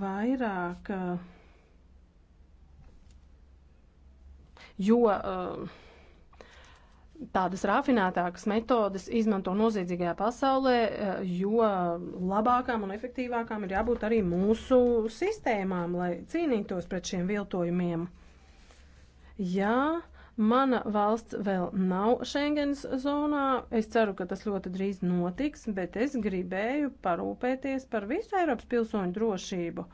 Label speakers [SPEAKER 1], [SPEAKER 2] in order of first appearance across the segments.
[SPEAKER 1] vairāk, eh, jo eh, tādas rafinētākas metodas izmanto noziedzīgajā pasaulē, eh, jo labākām un efektīvākām ir jābūt arī mūsu sistēmām, lai cīnītos pret šiem viltojumiem. Jā, ja Mana valsts vēl nav Schengens zonā. Es ceru, ka tas ļoti drīz notiks, bet es gribēju parūpēties par visu Eiropas pilsoņu drošību.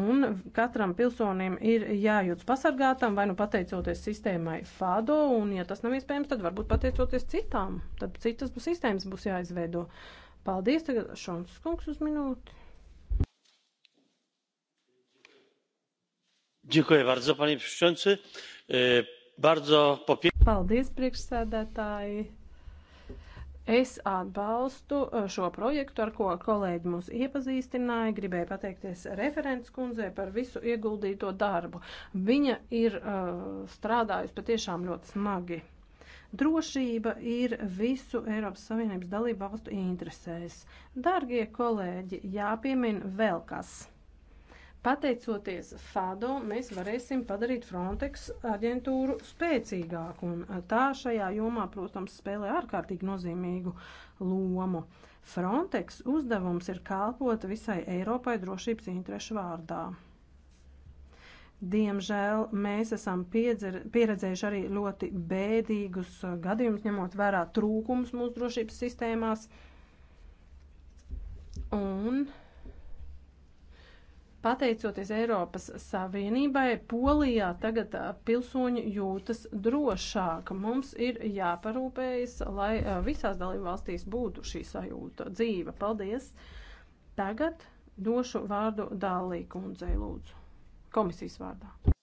[SPEAKER 1] Un katram pilsonim ir jājūtas pasargātam, vai nu pateicoties sistēmai FADO, un ja tas nav iespējams, tad varbūt pateicoties citām, tad citas sistēmas būs jāizveido. Paldies, tagad Šons Kungs uz minūti. E, Paldies, priekšsēdētāji! Es atbalstu e, šo projektu, ar ko kolēģi mūs iepazīstināja. Gribēju pateikties referents kundzei par visu ieguldīto darbu. Viņa ir uh, strādājusi patiešām ļoti smagi. Drošība ir visu Eiropas Savienības dalību valstu interesēs. Dārgie kolēģi, jāpiemina vēl kas. Pateicoties FADO, mēs varēsim padarīt Frontex aģentūru spēcīgāku, un eh, tā šajā jomā, protams, spēlē ārkārtīgi nozīmīgu lomu. Frontex uzdevums ir kalpot visai Eiropai drošības interešu vārdā. Diemžēl mēs esam piedzer, pieredzējuši arī ļoti bēdīgus eh, gadījumus, ņemot vērā trūkums mūsu drošības sistēmās. Un Pateicoties Eiropas Savienībai, Polijā tagad pilsoņi jūtas drošāk. Mums ir jāparūpējas, lai visās dalībvalstīs būtu šī sajūta dzīva. Paldies! Tagad došu vārdu Dālī kundzei lūdzu. Komisijas vārdā.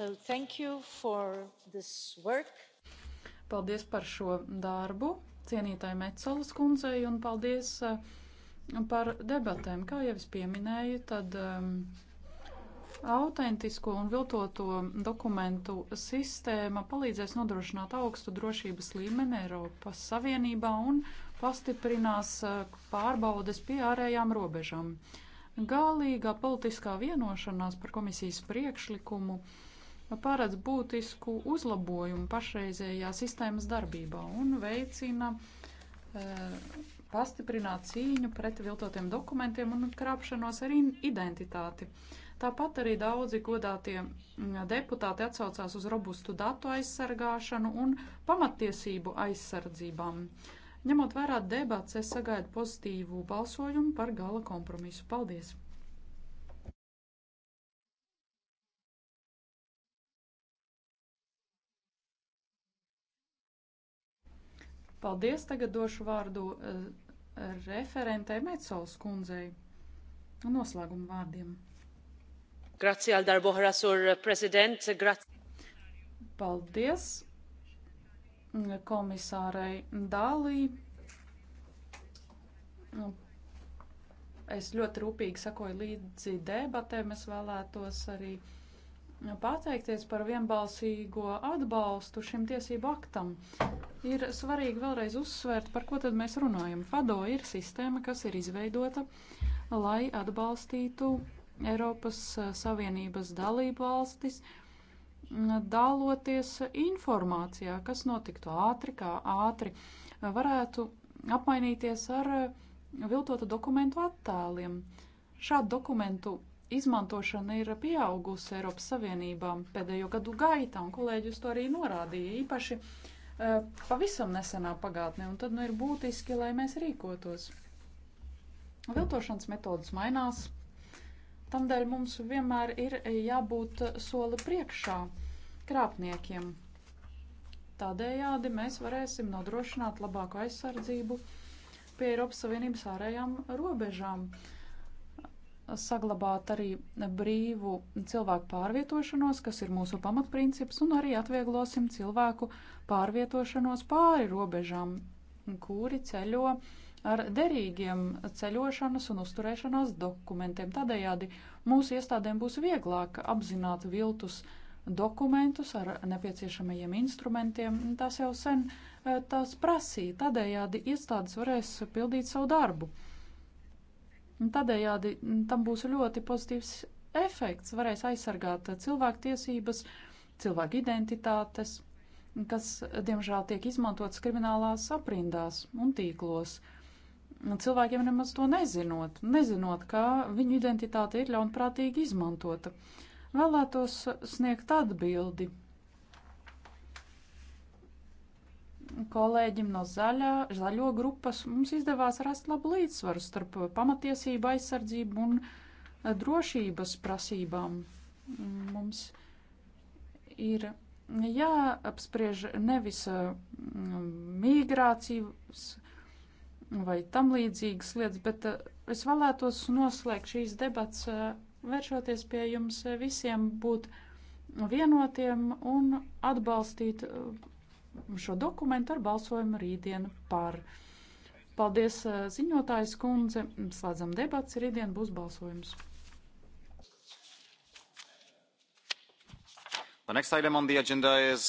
[SPEAKER 2] So thank you for this work. Paldies par šo darbu, cienītāji Metzolas kundzei, un paldies eh, par debatēm. Kā jau es pieminēju, tad um, autentisko un viltoto dokumentu sistēma palīdzēs nodrošināt augstu drošības līmeni Eiropas Savienībā un pastiprinās eh, pārbaudes pie ārējām robežām. Galīgā politiskā vienošanās par komisijas priekšlikumu uh, paredz būtisku uzlabojumu pašreizējā sistēmas darbībā un veicina e, pastiprināt cīņu pret viltotiem dokumentiem un krāpšanos ar identitāti. Tāpat arī daudzi godātie deputāti atsaucās uz robustu datu aizsargāšanu un pamattiesību aizsardzībām. Ņemot vērā debats, es sagaidu pozitīvu balsojumu par gala kompromisu. Paldies! Paldies, tagad došu vārdu eh, referentē Metsols kundzei un noslēguma vārdiem.
[SPEAKER 1] Grazie, Aldarbohra, sur prezident. Grazie.
[SPEAKER 2] Paldies komisārai Dālī. Nu, es ļoti rūpīgi sakoju līdzi debatēm. Es vēlētos arī uh, pateikties par vienbalsīgo atbalstu šim tiesību aktam. Ir svarīgi vēlreiz uzsvērt, par ko tad mēs runājam. FADO ir sistēma, kas ir izveidota, lai atbalstītu Eiropas eh, Savienības dalību valstis, daloties informācijā, kas notiktu ātri, kā ātri varētu apmainīties ar eh, viltotu dokumentu attēliem. Šādu dokumentu izmantošana ir pieaugusi Eiropas Savienībā pēdējo gadu gaitā, un kolēģis to arī norādīja īpaši e, pavisam nesenā pagātnē, un tad nu ir būtiski, lai mēs rīkotos. Viltošanas metodas mainās, tamdēļ mums vienmēr ir jābūt soli priekšā krāpniekiem. Tādējādi mēs varēsim nodrošināt labāku aizsardzību pie Eiropas Savienības ārējām robežām. Uh, saglabāt arī brīvu cilvēku pārvietošanos, kas ir mūsu pamatprincips, un arī atvieglosim cilvēku pārvietošanos pāri robežām, kuri ceļo ar derīgiem ceļošanas un uzturēšanās dokumentiem. Tādējādi mūsu iestādēm būs vieglāk apzināt viltus dokumentus ar nepieciešamajiem instrumentiem. Tas jau sen eh, tas prasīja. Tādējādi iestādes varēs pildīt savu darbu. Un tādējādi mm, tam būs ļoti pozitīvs efekts. Varēs aizsargāt eh, cilvēku tiesības, cilvēku identitātes, kas, eh, diemžēl, tiek izmantotas kriminālās aprindās un tīklos. Cilvēkiem nemaz to nezinot, nezinot, ka viņu identitāte ir ļaunprātīgi izmantota. Vēlētos sniegt atbildi kolēģim no zaļā, zaļo grupas mums izdevās rast labu līdzsvaru starp pamatiesību aizsardzību un eh, drošības prasībām. Mums ir jāapspriež nevis eh, migrācijas vai tam līdzīgas lietas, bet eh, es vēlētos noslēgt šīs debats, vēršoties pie jums visiem, būt vienotiem un atbalstīt šo dokumentu ar balsojumu rītdien par. Paldies, eh, ziņotājs kundze. Slēdzam debats, rītdien būs balsojums. The next item on the agenda is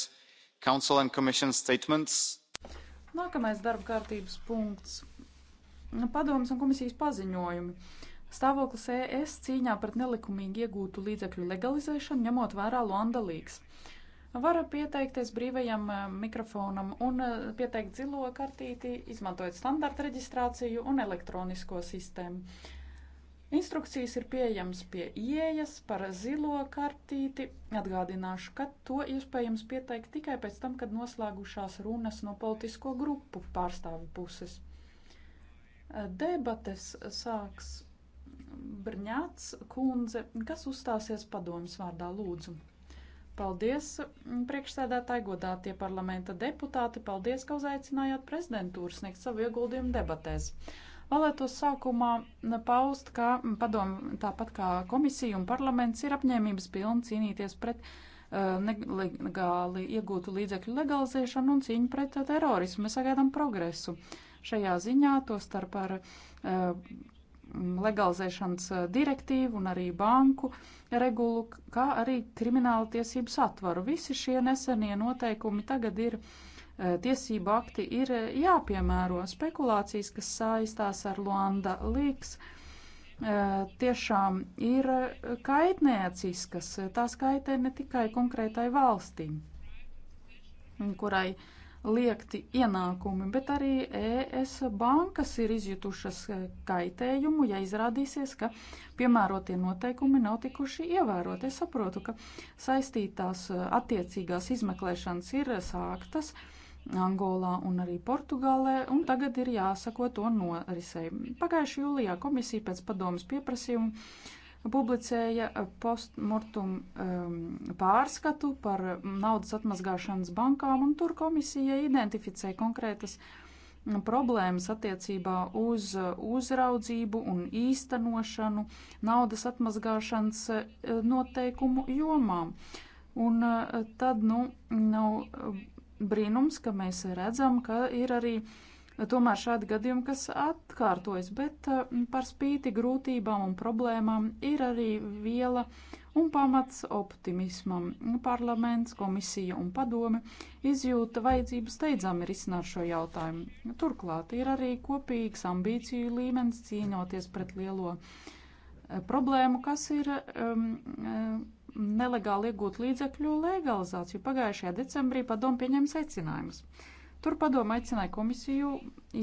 [SPEAKER 2] Council and Commission statements. Nākamais darba kārtības punkts - padomas un komisijas paziņojumi. Stāvoklis ES cīņā pret nelikumīgi iegūtu līdzekļu legalizēšanu, ņemot vērā Luanda līgas var pieteikties brīvajam eh, mikrofonam un eh, pieteikt zilo kartīti, izmantojot standarta reģistrāciju un elektronisko sistēmu. Instrukcijas ir pieejamas pie ieejas par zilo kartīti. Atgādināšu, ka to iespējams pieteikt tikai pēc tam, kad noslēgušās runas no politisko grupu pārstāvu puses. Eh, debates sāks Brņāts kundze, kas uzstāsies padomas vārdā lūdzu. Paldies, mm, priekšsēdētāji, godātie parlamenta deputāti. Paldies, ka uzaicinājāt prezidentūru sniegt savu ieguldījumu debatēs. Vēlētos sākumā paust, ka mm, padomu, tāpat kā komisija un parlaments, ir apņēmības pilni cīnīties pret eh, nelegāli iegūtu līdzekļu legalizēšanu un cīņu pret terorismu. Mēs sagaidām progresu. Šajā ziņā to starp ar eh, Mm, legalizēšanas eh, direktīvu un arī banku regulu, kā arī krimināla tiesību satvaru. Visi šie nesenie noteikumi tagad ir eh, tiesību akti ir eh, jāpiemēro spekulācijas, kas saistās ar Luanda Līks. Tiešām ir kaitnieciskas, tās kaitē ne tikai konkrētai valstīm, kurai uh, liekti ienākumi, bet arī ES bankas ir izjutušas e, kaitējumu, ja izrādīsies, ka piemērotie noteikumi nav tikuši ievēroti. Es saprotu, ka saistītās e, attiecīgās izmeklēšanas ir sāktas Angolā un arī Portugālē, un tagad ir jāsako to norisei. Pagājušajā jūlijā komisija pēc padomas pieprasījuma publicēja postmortum um, pārskatu par naudas atmazgāšanas bankām, un tur komisija identificēja konkrētas mm, problēmas attiecībā uz uh, uzraudzību un īstenošanu naudas atmazgāšanas uh, noteikumu jomām. Un uh, tad, nu, nav brīnums, ka mēs redzam, ka ir arī uh, tomēr šādi gadījumi, kas atkārtojas, bet mm, par spīti grūtībām un problēmām ir arī viela un pamats optimismam. Parlaments, komisija un padome izjūta vajadzību steidzami risināt šo jautājumu. Turklāt ir arī kopīgs ambīciju līmenis cīnoties pret lielo eh, problēmu, kas ir um, eh, nelegāli iegūt līdzekļu legalizāciju. Pagājušajā decembrī padomu pieņem secinājumus. Uh, Tur padoma aicināja komisiju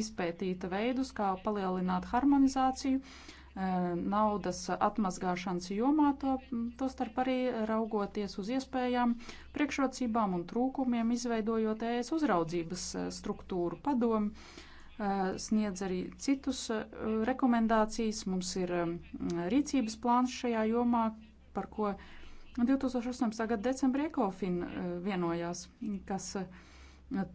[SPEAKER 2] izpētīt veidus, kā palielināt harmonizāciju eh, naudas atmazgāšanas jomā, to, to starp arī raugoties uz iespējām, priekšrocībām un trūkumiem, izveidojot ES uzraudzības eh, struktūru padomu eh, sniedz arī citus rekomendācijas. Mums ir rīcības plāns šajā jomā, par ko 2018. gada decembrī Ekofin vienojās, kas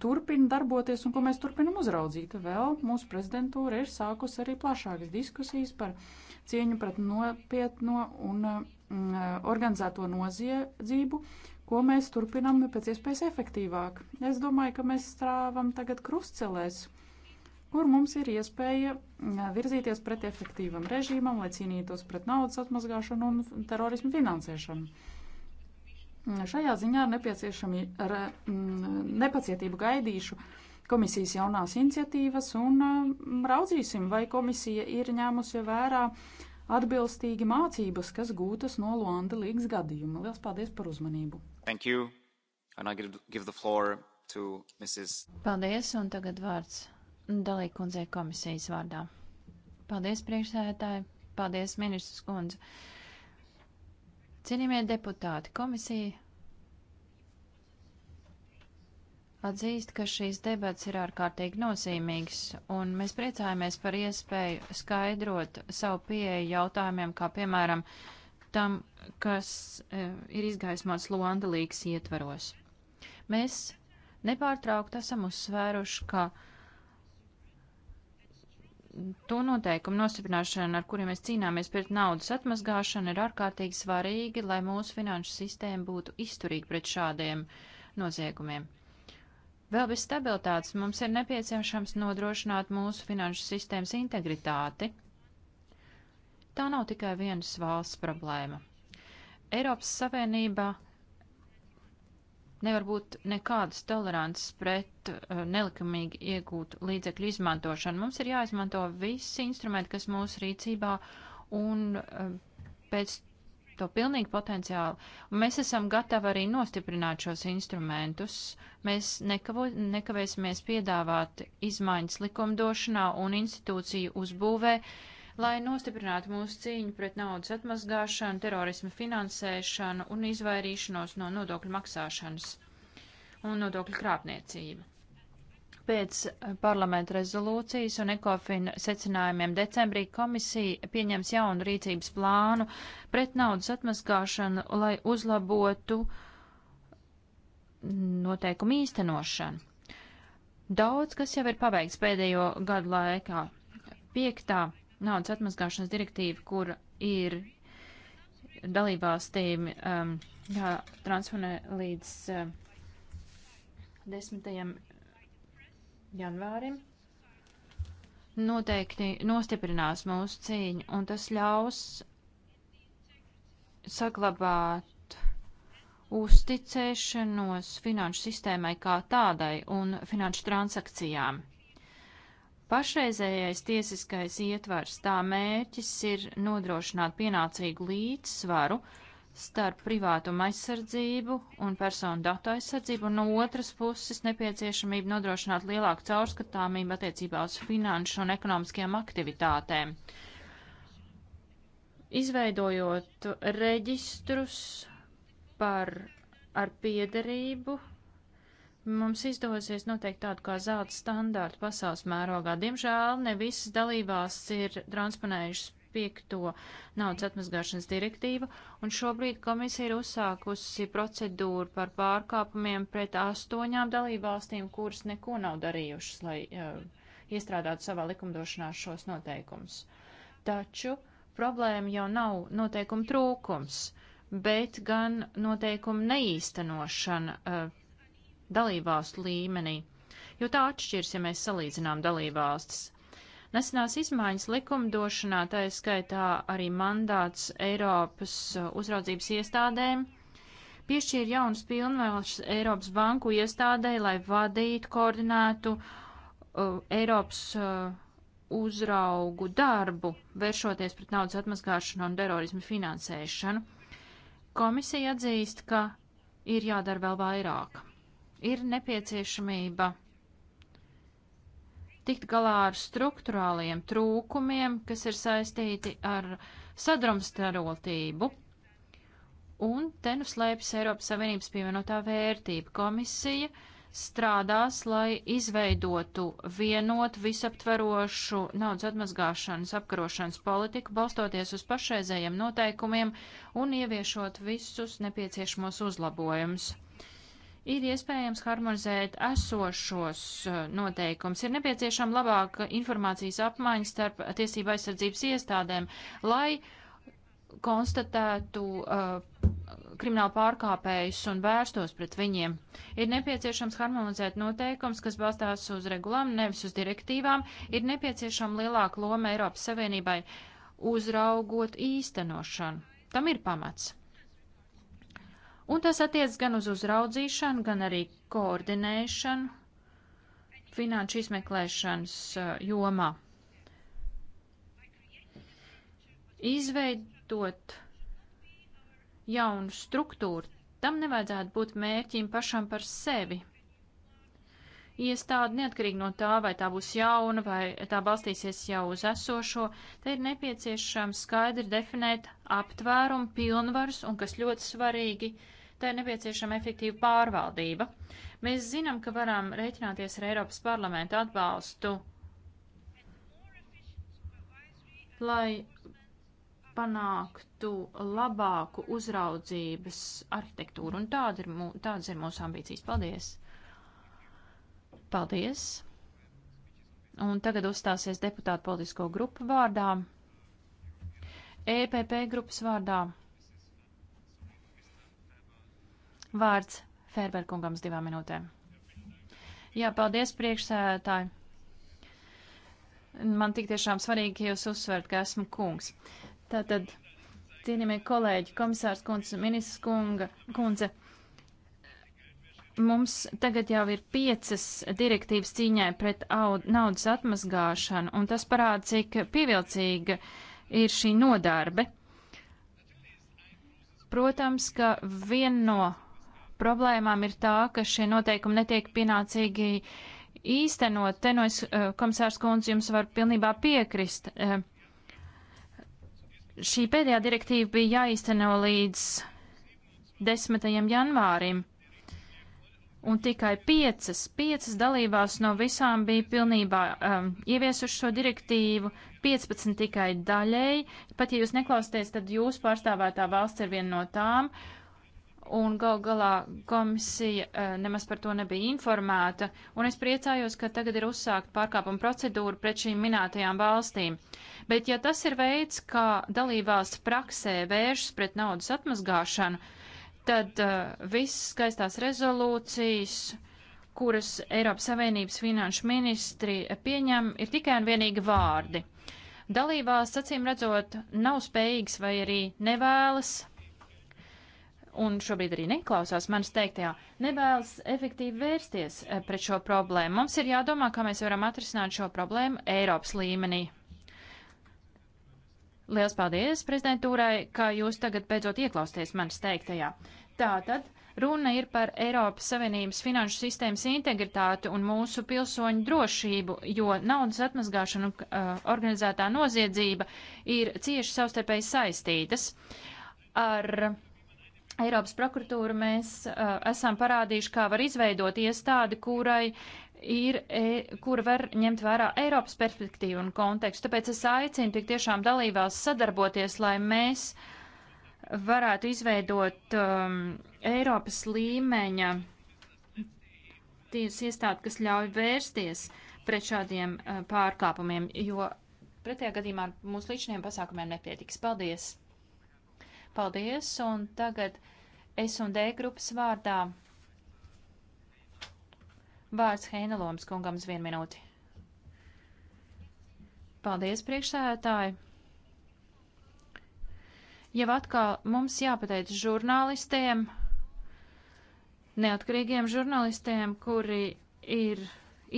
[SPEAKER 2] turpina darboties un ko mēs turpinam uzraudzīt. Vēl mūsu prezidentūra ir sākusi arī plašākas diskusijas par cieņu pret nopietno un mm, organizēto noziedzību, ko mēs turpinam pēc iespējas efektīvāk. Es domāju, ka mēs strāvam tagad krustcelēs, kur mums ir iespēja mm, virzīties pret efektīvam režīmam, lai cīnītos pret naudas atmazgāšanu un terorismu finansēšanu. Šajā ziņā ir nepieciešama ar mm, nepacietību gaidīšu komisijas jaunās iniciatīvas un mm, raudzīsim, vai komisija ir ņēmusi vērā atbilstīgi mācības, kas gūtas no Luanda
[SPEAKER 3] līgas gadījuma. Lielas paldies par uzmanību!
[SPEAKER 2] Thank you. And I give, give the floor to Mrs.
[SPEAKER 3] Paldies, un tagad vārds dalīkundzei komisijas vārdā. Paldies, priekšsēdētāji! Paldies, ministrs kundze! Uh, Cienījamie deputāti, komisija atzīst, ka šīs debats ir ārkārtīgi nozīmīgs, un mēs priecājamies par iespēju skaidrot savu pieeju jautājumiem, kā piemēram tam, kas e, ir izgaismots Luanda līgas ietvaros. Mēs nepārtraukt esam uzsvēruši, ka to noteikumu nostiprināšana, ar kuriem mēs cīnāmies pret naudas atmazgāšanu, ir ārkārtīgi svarīgi, lai mūsu finanšu sistēma būtu izturīga pret šādiem noziegumiem. Vēl bez stabilitātes mums ir nepieciešams nodrošināt mūsu finanšu sistēmas integritāti. Tā nav tikai vienas valsts problēma. Eiropas Savienība Nevar būt nekādas tolerances pret uh, nelikumīgi iegūtu līdzekļu izmantošanu. Mums ir jāizmanto visi instrumenti, kas mūsu rīcībā un uh, pēc to pilnīgi potenciāli. Un mēs esam gatavi arī nostiprināt šos instrumentus. Mēs nekavo, nekavēsimies piedāvāt izmaiņas likumdošanā un institūciju uzbūvē, uh, lai nostiprinātu mūsu cīņu pret naudas atmazgāšanu, terorismu finansēšanu un izvairīšanos no nodokļu maksāšanas un nodokļu krāpniecību. Pēc eh, parlamenta rezolūcijas un ekofina secinājumiem decembrī komisija pieņems jaunu rīcības plānu pret naudas atmazgāšanu, lai uzlabotu mm, noteikumu īstenošanu. Daudz, kas jau ir paveikts pēdējo gadu laikā. Piektā naudas atmazgāšanas direktīva, kur ir dalībvalstīm um, jātransformē līdz um, 10. janvārim, noteikti nostiprinās mūsu cīņu, un tas ļaus saglabāt uzticēšanos finanšu sistēmai kā tādai un finanšu transakcijām. Pašreizējais tiesiskais ietvars tā mērķis ir nodrošināt pienācīgu līdzsvaru starp privātuma aizsardzību un personu datu aizsardzību, un no otras puses nepieciešamību nodrošināt lielāku caurskatāmību attiecībā uz finanšu un ekonomiskajām aktivitātēm. Izveidojot reģistrus par ar piederību Mums izdosies noteikt tādu kā zelta standārtu pasaules mērogā. Diemžēl ne visas dalībās ir transponējušas piekto naudas atmazgāšanas direktīvu, un šobrīd komisija ir uzsākusi procedūru par pārkāpumiem pret astoņām dalībvalstīm, kuras neko nav darījušas, lai uh, iestrādātu savā likumdošanā šos noteikumus. Taču problēma jau nav noteikuma trūkums, bet gan noteikuma neīstenošana. Uh, dalībvalstu līmenī, jo tā atšķirs, ja mēs salīdzinām dalībvalstis. Nesenās izmaiņas likumdošanā, tā ir skaitā arī mandāts Eiropas uh, uzraudzības iestādēm, piešķīra jaunas pilnvaras Eiropas banku iestādē, lai vadītu, koordinētu uh, Eiropas uh, uzraugu darbu, vēršoties pret naudas atmazgāšanu un terorismu finansēšanu. Komisija atzīst, ka ir jādara vēl vairāk ir nepieciešamība tikt galā ar struktūrāliem trūkumiem, kas ir saistīti ar sadrumstarotību. Un te nu slēpjas Eiropas Savienības pievienotā vērtība. Komisija strādās, lai izveidotu vienotu visaptverošu naudas atmazgāšanas apkarošanas politiku, balstoties uz pašreizējiem noteikumiem un ieviešot visus nepieciešamos uzlabojumus ir iespējams harmonizēt esošos eh, noteikums. Ir nepieciešama labāka informācijas apmaiņa starp tiesība aizsardzības iestādēm, lai konstatētu uh, kriminālu pārkāpējus un vērstos pret viņiem. Ir nepieciešams harmonizēt noteikums, kas balstās uz regulām, nevis uz direktīvām. Ir nepieciešama lielāka loma Eiropas Savienībai uzraugot īstenošanu. Tam ir pamats. Un tas attiec gan uz uzraudzīšanu, gan arī koordinēšanu finanšu izmeklēšanas uh, jomā. Izveidot jaunu struktūru, tam nevajadzētu būt mērķim pašam par sevi, iestāde, neatkarīgi no tā, vai tā būs jauna, vai tā balstīsies jau uz esošo, te ir nepieciešams skaidri definēt aptvērumu, pilnvars un, kas ļoti svarīgi, te ir nepieciešama efektīva pārvaldība. Mēs zinām, ka varam rēķināties ar Eiropas parlamentu atbalstu, lai panāktu labāku uzraudzības arhitektūru, un tāda ir, mū, tādas ir mūsu ambīcijas. Paldies! Paldies! Un tagad uzstāsies deputātu politisko grupu vārdā, EPP grupas vārdā. Vārds Fērberkungam uz divām minūtēm. Jā, paldies priekšsētāji. Man tik tiešām svarīgi, ka jūs uzsvert, ka esmu kungs. Tātad, cienījamie kolēģi, komisārs kundze, ministrs kunga, kundze, Mums tagad jau ir piecas direktīvas cīņai pret naudas atmazgāšanu, un tas parāda, cik pievilcīga ir šī nodarbe. Protams, ka viena no problēmām ir tā, ka šie noteikumi netiek pienācīgi īstenot. Te no es, eh, komisārs Kunz, jums var pilnībā piekrist. Eh, šī pēdējā direktīva bija jāīsteno līdz 10. janvārim un tikai piecas, piecas dalībās no visām bija pilnībā um, ieviesuši šo direktīvu, 15 tikai daļēji. Pat ja jūs neklausāties, tad jūs pārstāvētā valsts ir viena no tām, un gal galā komisija uh, nemaz par to nebija informēta, un es priecājos, ka tagad ir uzsākt pārkāpuma procedūra pret šīm minētajām valstīm. Bet ja tas ir veids, kā dalībvalsts praksē vēršas pret naudas atmazgāšanu, uh, tad uh, viss skaistās rezolūcijas, kuras Eiropas Savienības finanšu ministri pieņem, ir tikai un vienīgi vārdi. Dalībās, acīm redzot, nav spējīgs vai arī nevēlas, un šobrīd arī neklausās manas teiktajā, nevēlas efektīvi vērsties eh, pret šo problēmu. Mums ir jādomā, kā mēs varam atrisināt šo problēmu Eiropas līmenī. Liels paldies prezidentūrai, ka jūs tagad beidzot ieklausties manis teiktajā. Tātad runa ir par Eiropas Savienības finanšu sistēmas integritāti un mūsu pilsoņu drošību, jo naudas atmazgāšana un uh, organizētā noziedzība ir cieši savstarpēji saistītas. Ar Eiropas prokuratūru mēs uh, esam parādījuši, kā var izveidot iestādi, kurai uh, ir, e, kura var ņemt vērā Eiropas perspektīvu un kontekstu. Tāpēc es aicinu tik tiešām dalībās sadarboties, lai mēs varētu izveidot um, Eiropas līmeņa tiesu iestādi, kas ļauj vērsties pret šādiem uh, pārkāpumiem, jo pretējā gadījumā mūsu līdziniem pasākumiem nepietiks. Paldies! Paldies, un tagad es un D grupas vārdā Vārds Heinaloms kungam uz vienu minūti. Paldies, priekšsēdētāji! Jau atkal mums jāpateic žurnālistiem, neatkarīgiem žurnālistiem, kuri ir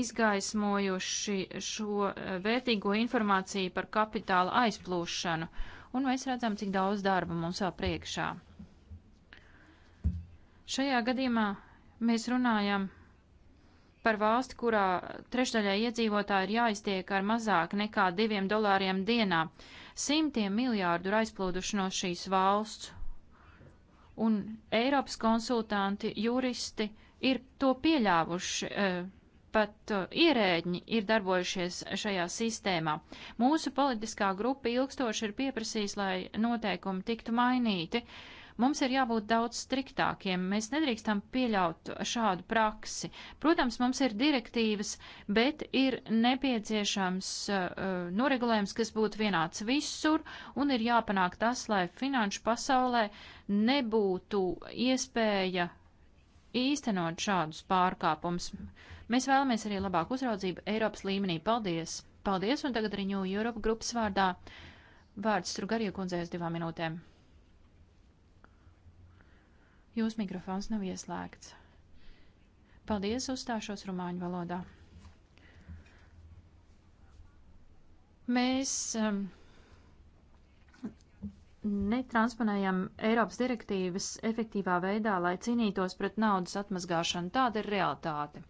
[SPEAKER 3] izgaismojuši šo eh, vērtīgo informāciju par kapitāla aizplūšanu, un mēs redzam, cik daudz darba mums vēl priekšā. Šajā gadījumā mēs runājam par valsti, kurā trešdaļai iedzīvotāji ir jāiztiek ar mazāk nekā diviem dolāriem dienā. Simtiem miljārdu ir aizplūduši no šīs valsts, un Eiropas konsultanti, juristi ir to pieļāvuši. E, pat e, ierēģi ir darbojušies šajā sistēmā. Mūsu politiskā grupa ilgstoši ir pieprasījusi, lai noteikumi tiktu mainīti. Uh, Mums ir jābūt daudz striktākiem. Mēs nedrīkstam pieļaut šādu praksi. Protams, mums ir direktīvas, bet ir nepieciešams uh, noregulējums, kas būtu vienāds visur, un ir jāpanāk tas, lai finanšu pasaulē nebūtu iespēja īstenot šādus pārkāpumus. Mēs vēlamies arī labāku uzraudzību Eiropas līmenī. Paldies! Paldies, un tagad arī New Europe grupas vārdā vārds Trugarija kundzēs divām minūtēm. Jūs mikrofons nav ieslēgts. Paldies, uzstāšos rumāņu valodā. Mēs um, netransponējam Eiropas direktīvas efektīvā veidā, lai cīnītos pret naudas atmazgāšanu. Tāda ir realitāte.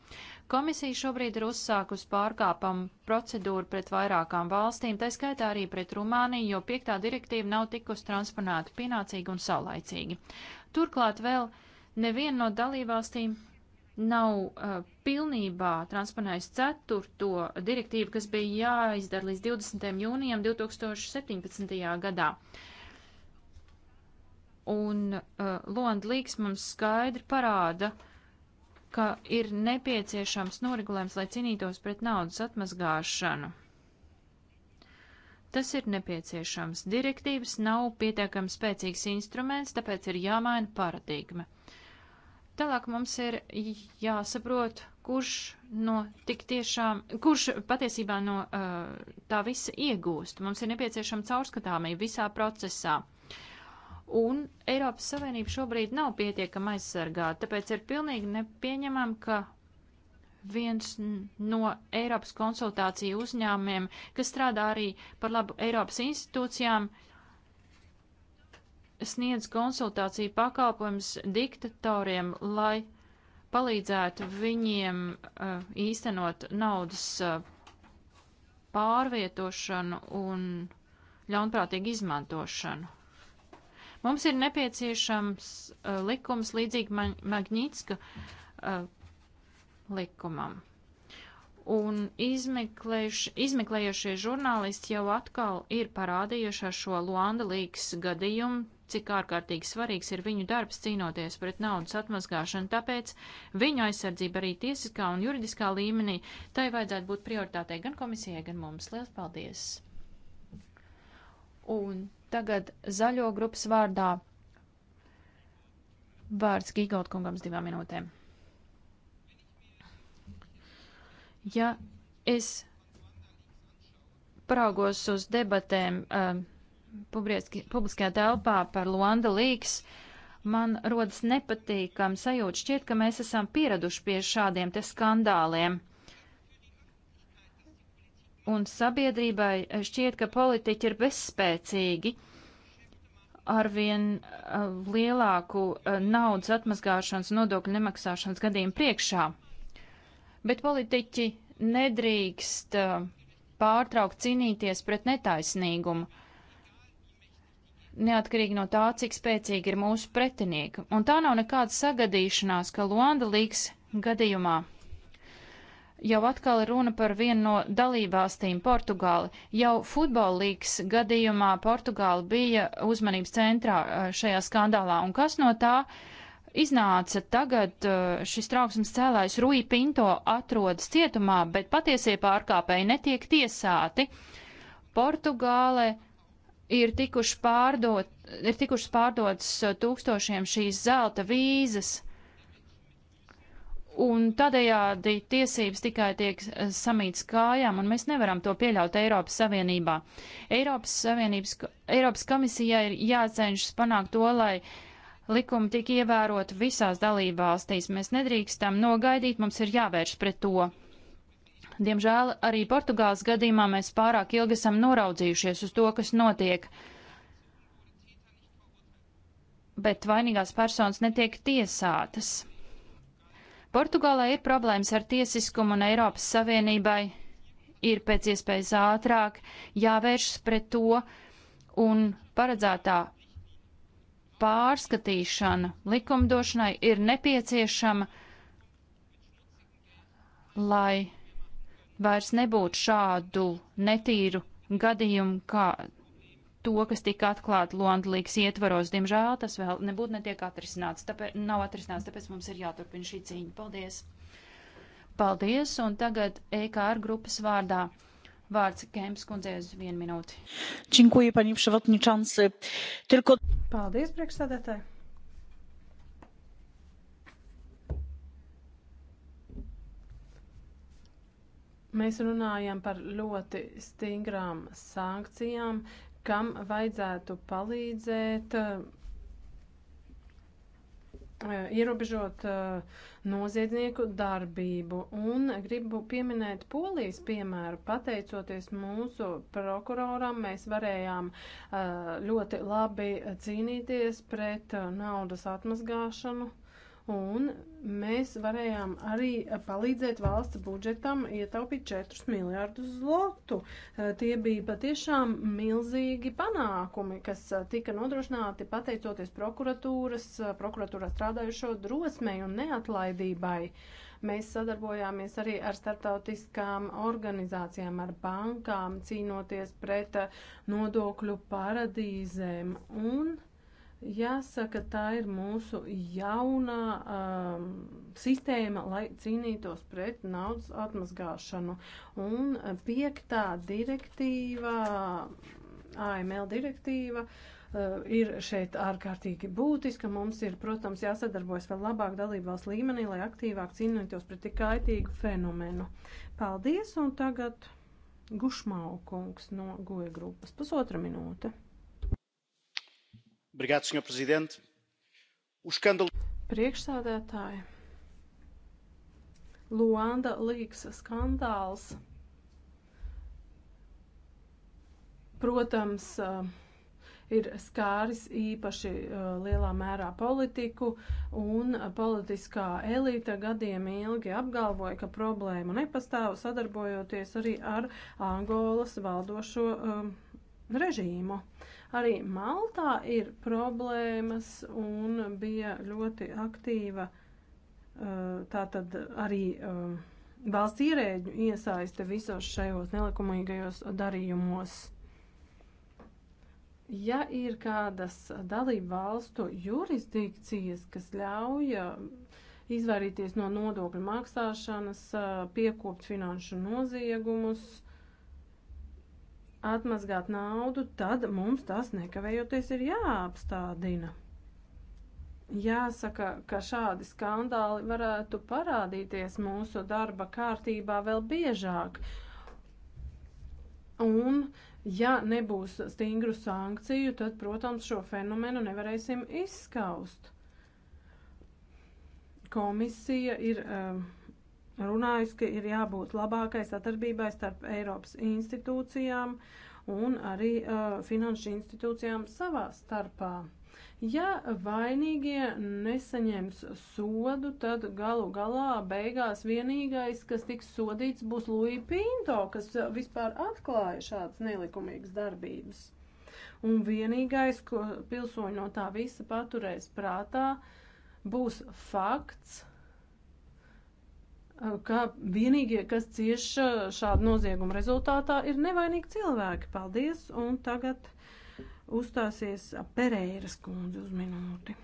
[SPEAKER 3] Komisija šobrīd ir uzsākusi pārkāpumu procedūru pret vairākām valstīm, tā skaitā arī pret Rumāniju, jo piektā direktīva nav tikusi transponēta pienācīgi un saulaicīgi. Turklāt vēl neviena no dalībvalstīm nav uh, pilnībā transponējusi ceturto direktīvu, kas bija jāizdara līdz 20. jūnijam 2017. gadā. Uh, un uh, Londa līks mums skaidri parāda, ka ir nepieciešams noregulējums, lai cīnītos pret naudas atmazgāšanu. Tas ir nepieciešams. Direktīvas nav pietiekami spēcīgs instruments, tāpēc ir jāmaina paradigma. Tālāk mums ir jāsaprot, kurš no tik tiešām, kurš patiesībā no uh, tā visa iegūst. Mums ir nepieciešama caurskatāmība visā procesā. Uh, un Eiropas Savienība šobrīd nav pietiekama aizsargāta, tāpēc ir pilnīgi nepieņemam, ka viens no Eiropas konsultāciju uzņēmumiem, kas strādā arī par labu Eiropas institūcijām, sniedz konsultāciju pakalpojums diktatoriem, lai palīdzētu viņiem uh, īstenot naudas uh, pārvietošanu un ļaunprātīgu izmantošanu. Mums ir nepieciešams uh, likums līdzīgi Ma Magnitska uh, likumam. Un izmeklējušie žurnālisti jau atkal ir parādījuši ar šo Luanda Līgas gadījumu, cik ārkārtīgi svarīgs ir viņu darbs cīnoties pret naudas atmazgāšanu, tāpēc viņu aizsardzība arī tiesiskā un juridiskā līmenī, tai vajadzētu būt prioritātei gan komisijai, gan mums. Lielas paldies! Un Tagad zaļo grupas vārdā vārds Gigaut kungams divām minūtēm. Ja es paraugos uz debatēm uh, publiskajā telpā par Luanda Līks, man rodas nepatīkam sajūta. Šķiet, ka mēs esam pieraduši pie šādiem te skandāliem. Uh, un sabiedrībai eh, šķiet, ka politiķi ir bezspēcīgi arvien uh, lielāku uh, naudas atmazgāšanas nodokļu nemaksāšanas gadījumu priekšā. Bet politiķi nedrīkst uh, pārtraukt cīnīties pret netaisnīgumu, neatkarīgi no tā, cik spēcīgi ir mūsu pretinieki. Un tā nav nekāda sagadīšanās, ka Luanda līgs gadījumā jau atkal ir runa par vienu no dalībvalstīm - Portugāli. Jau futbola līgas gadījumā Portugāli bija uzmanības centrā uh, šajā skandālā, un kas no tā iznāca tagad uh, šis trauksmes cēlājs Rui Pinto atrodas cietumā, bet patiesie pārkāpēji netiek tiesāti. Portugāle ir tikuši pārdot, ir tikušas pārdotas uh, tūkstošiem šīs zelta vīzas Un tādējādi tiesības tikai tiek eh, samīts kājām, un mēs nevaram to pieļaut Eiropas Savienībā. Eiropas, Savienības, Eiropas komisijai ir jācenšas panākt to, lai likumi tik ievērot visās dalībvalstīs. Mēs nedrīkstam nogaidīt, mums ir jāvērš pret to. Diemžēl arī Portugāles gadījumā mēs pārāk ilgi esam noraudzījušies uz to, kas notiek. Bet vainīgās personas netiek tiesātas. Portugālē ir problēmas ar tiesiskumu un Eiropas Savienībai ir pēc iespējas ātrāk jāvēršas pret to un paredzētā pārskatīšana likumdošanai ir nepieciešama, lai vairs nebūtu šādu netīru gadījumu, kā to, kas tika atklāta Londlīgas ietvaros. Diemžēl tas vēl nebūtu netiek atrisināts, tāpēc, nav atrisināts, tāpēc mums ir jāturpina šī cīņa. Paldies! Paldies, un tagad EKR grupas vārdā. Vārds Kēms kundzei uz vienu minūti.
[SPEAKER 1] Činkuji, paņem ševatničans. Tilko...
[SPEAKER 3] Paldies, priekšstādātāji.
[SPEAKER 1] Mēs runājam par ļoti stingrām sankcijām, kam vajadzētu palīdzēt eh, ierobežot eh, noziedznieku darbību. Un gribu pieminēt polijas piemēru. Pateicoties mūsu prokuroram, mēs varējām eh, ļoti labi cīnīties pret naudas atmazgāšanu un mēs varējām arī palīdzēt valsts budžetam ietaupīt 4 miljārdus zlotu. Eh, tie bija patiešām milzīgi panākumi, kas eh, tika nodrošināti pateicoties prokuratūras, eh, prokuratūrā strādājušo drosmei un neatlaidībai. Mēs sadarbojāmies arī ar starptautiskām organizācijām, ar bankām, cīnoties pret nodokļu paradīzēm. Un Jāsaka, tā ir mūsu jaunā um, sistēma, lai cīnītos pret naudas atmazgāšanu. Un piektā direktīva, AML direktīva, uh, ir šeit ārkārtīgi būtiska. Mums ir, protams, jāsadarbojas vēl labāk dalībvalsts līmenī, lai aktīvāk cīnītos pret tik kaitīgu fenomenu. Paldies, un tagad Gušmau kungs no Goja grupas. Pusotra minūte.
[SPEAKER 2] Brigāts, senjor prezident.
[SPEAKER 1] Uzskandalu. Priekšsādētāji. Luanda līgas skandāls. Protams, eh, ir skāris īpaši eh, lielā mērā politiku, un politiskā elīte gadiem ilgi apgalvoja, ka problēma nepastāv, sadarbojoties arī ar Angolas valdošo um, režīmu. Arī Maltā ir problēmas un bija ļoti aktīva uh, tātad arī uh, valsts ierēģu iesaiste visos šajos nelikumīgajos darījumos. Ja ir kādas dalību valstu jurisdikcijas, kas ļauj uh, izvairīties no nodokļu maksāšanas, piekopt finanšu noziegumus, atmazgāt naudu, tad mums tas nekavējoties ir jāapstādina. Jāsaka, ka šādi skandāli varētu parādīties mūsu darba kārtībā vēl biežāk. Un, ja nebūs stingru sankciju, tad, protams, šo fenomenu nevarēsim izskaust. Komisija ir uh, runājis, ka ir jābūt labākai sadarbībai starp Eiropas institūcijām un arī uh, finanšu institūcijām savā starpā. Ja vainīgie nesaņems sodu, tad galu galā beigās vienīgais, kas tiks sodīts, būs Luija Pinto, kas vispār atklāja šādas nelikumīgas darbības. Un vienīgais, ko pilsoņi no tā visa paturēs prātā, būs fakts, ka vienīgie, kas cieš šādu noziegumu rezultātā, ir nevainīgi cilvēki. Paldies, un tagad uzstāsies Pereiras kundze uz minūti.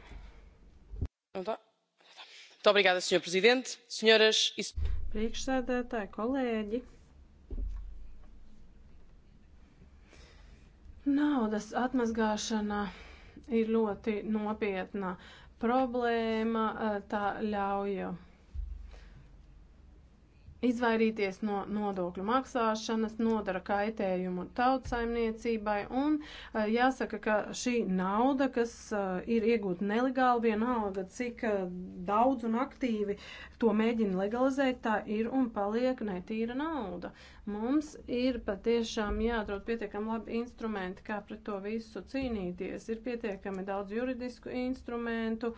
[SPEAKER 1] Obrigada, senhor presidente, senhoras e priekšsēdētāji, kolēģi. Naudas atmazgāšana ir ļoti nopietna problēma, tā ļauj izvairīties no nodokļu maksāšanas, nodara kaitējumu tautsaimniecībai un eh, jāsaka, ka šī nauda, kas eh, ir iegūta nelegāli, vienalga cik eh, daudz un aktīvi to mēģina legalizēt, tā ir un paliek netīra nauda. Mums ir patiešām jāatrod pietiekami labi instrumenti, kā pret to visu cīnīties. Ir pietiekami daudz juridisku instrumentu,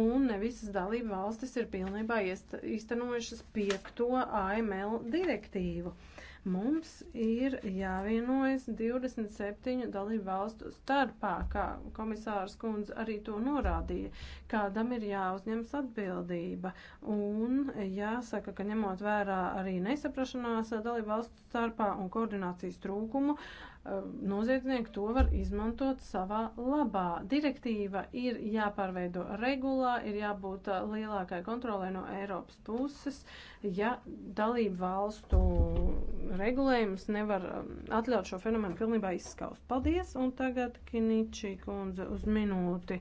[SPEAKER 1] un ne visas dalība valstis ir pilnībā īstenojušas piekto AML direktīvu. Uh, Mums ir jāvienojas 27 dalību valstu starpā, kā komisārs kundze arī to norādīja, kādam ir jāuzņems atbildība. Un jāsaka, ka ņemot vērā arī nesaprašanās dalību valstu starpā un koordinācijas trūkumu, uh, noziedznieki to var izmantot savā labā. Direktīva ir jāpārveido regulā, ir jābūt eh, lielākai kontrolē no Eiropas puses, ja dalību valstu regulējums nevar atļaut šo fenomenu pilnībā izskaust. Paldies, un tagad Kiničī kundze uz minūti.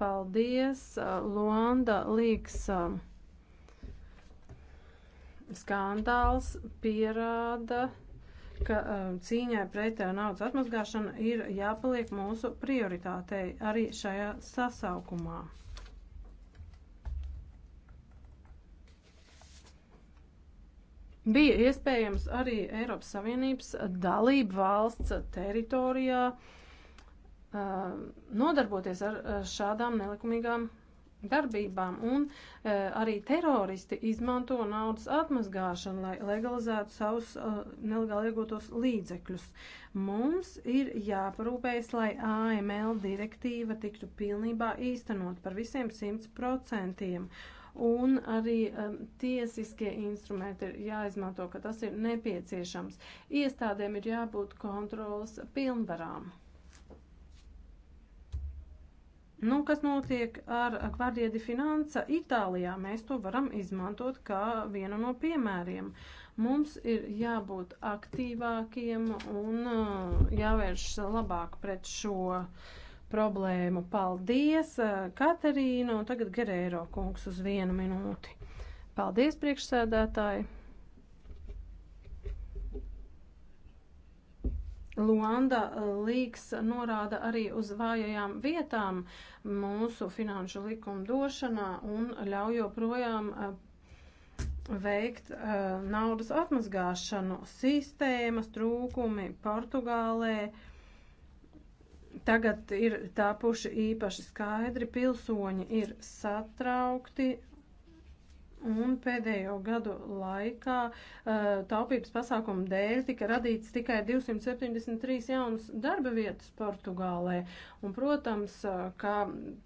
[SPEAKER 1] Paldies, eh, Luanda Līks skandāls pierāda ka um, cīņai pret uh, naudas atmazgāšanu ir jāpaliek mūsu prioritātei arī šajā sasaukumā. Bija iespējams arī Eiropas Savienības dalību valsts teritorijā uh, nodarboties ar uh, šādām nelikumīgām darbībām, un uh, arī teroristi izmanto naudas atmazgāšanu, lai legalizētu savus uh, nelegāli iegūtos līdzekļus. Mums ir jāparūpējas, lai AML direktīva tiktu pilnībā īstenot par visiem 100%. Un arī um, tiesiskie instrumenti ir jāizmanto, ka tas ir nepieciešams. Iestādēm ir jābūt kontrolas pilnvarām. Nu, kas notiek ar Gvardiedi Financa Itālijā? Mēs to varam izmantot kā vienu no piemēriem. Mums ir jābūt aktīvākiem un uh, jāvēršas labāk pret šo problēmu. Paldies, uh, Katerīna, un tagad Gerēro kungs uz vienu minūti. Paldies, priekšsēdētāji! Luanda eh, līks norāda arī uz vājajām vietām mūsu finanšu likumdošanā un ļauj joprojām eh, veikt eh, naudas atmazgāšanu. Sistēmas trūkumi Portugālē tagad ir tapuši īpaši skaidri, pilsoņi ir satraukti Un pēdējo gadu laikā eh, taupības pasākumu dēļ tika radīts tikai 273 jaunas darba vietas Portugālē. Un, protams, eh, ka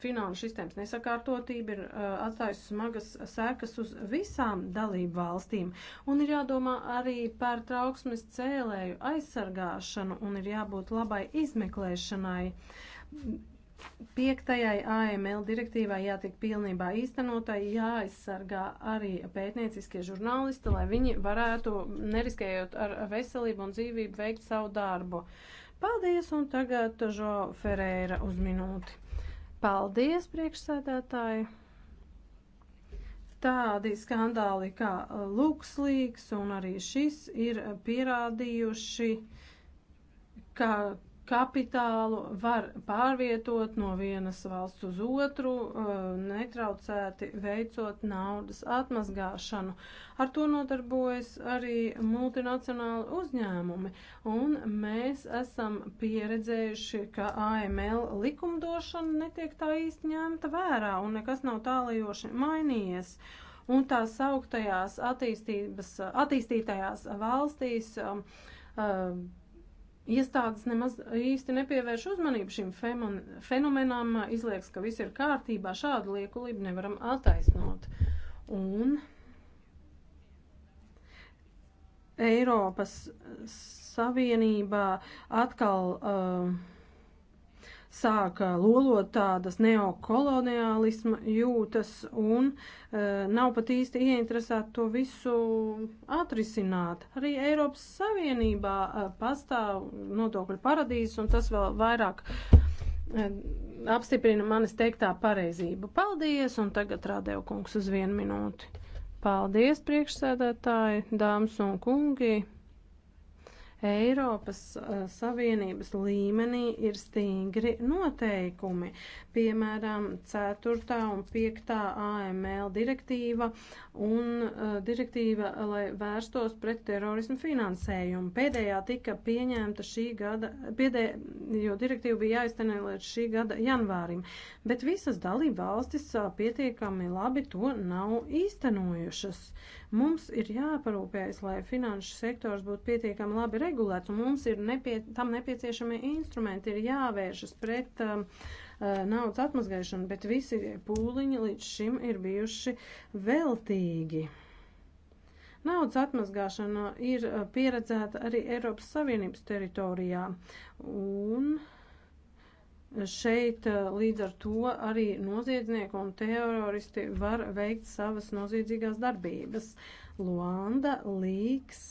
[SPEAKER 1] finanšu sistēmas nesakārtotība ir eh, atstājusi smagas sekas uz visām dalību valstīm. Un ir jādomā arī par trauksmes cēlēju aizsargāšanu un ir jābūt labai izmeklēšanai Piektajai AML direktīvai jātiek pilnībā īstenotai, jāaizsargā arī pētnieciskie žurnālisti, lai viņi varētu, neriskējot ar veselību un dzīvību, veikt savu darbu. Paldies, un tagad Žo Ferēra uz minūti. Paldies, priekšsēdētāji! Tādi skandāli kā Luxlīks un arī šis ir pierādījuši, ka kapitālu var pārvietot no vienas valsts uz otru, eh, netraucēti veicot naudas atmazgāšanu. Ar to nodarbojas arī multinacionāli uzņēmumi, un mēs esam pieredzējuši, ka AML likumdošana netiek tā īsti ņemta vērā, un nekas nav tālajoši mainījies un tās augtajās attīstības, attīstītajās valstīs um, um, Iestādes nemaz īsti nepievērš uzmanību šim fenomenam, izlieks, ka viss ir kārtībā, šādu liekulību nevaram attaisnot. Un Eiropas Savienībā atkal uh, sāka lolot tādas neokoloniālisma jūtas un e, nav pat īsti ieinteresēti to visu atrisināt. Arī Eiropas Savienībā e, pastāv nodokļu paradīzes un tas vēl vairāk e, apstiprina manis teiktā pareizību. Paldies un tagad Rādēv kungs uz vienu minūti. Paldies priekšsēdētāji, dāmas un kungi. Eiropas eh, Savienības līmenī ir stingri noteikumi piemēram, 4. un 5. AML direktīva un uh, direktīva, lai vērstos pret terorismu finansējumu. Pēdējā tika pieņemta šī gada, pēdē, jo direktīva bija jāiztenē līdz šī gada janvārim, bet visas dalība valstis uh, pietiekami labi to nav īstenojušas. Mums ir jāparūpējas, lai finanšu sektors būtu pietiekami labi regulēts, un mums ir nepie, tam nepieciešamie instrumenti, ir jāvēršas pret. Uh, naudas atmazgāšanu, bet visi pūliņi līdz šim ir bijuši veltīgi. Naudas atmazgāšana ir pieredzēta arī Eiropas Savienības teritorijā, un šeit līdz ar to arī noziedznieki un teroristi var veikt savas noziedzīgās darbības. Luanda līks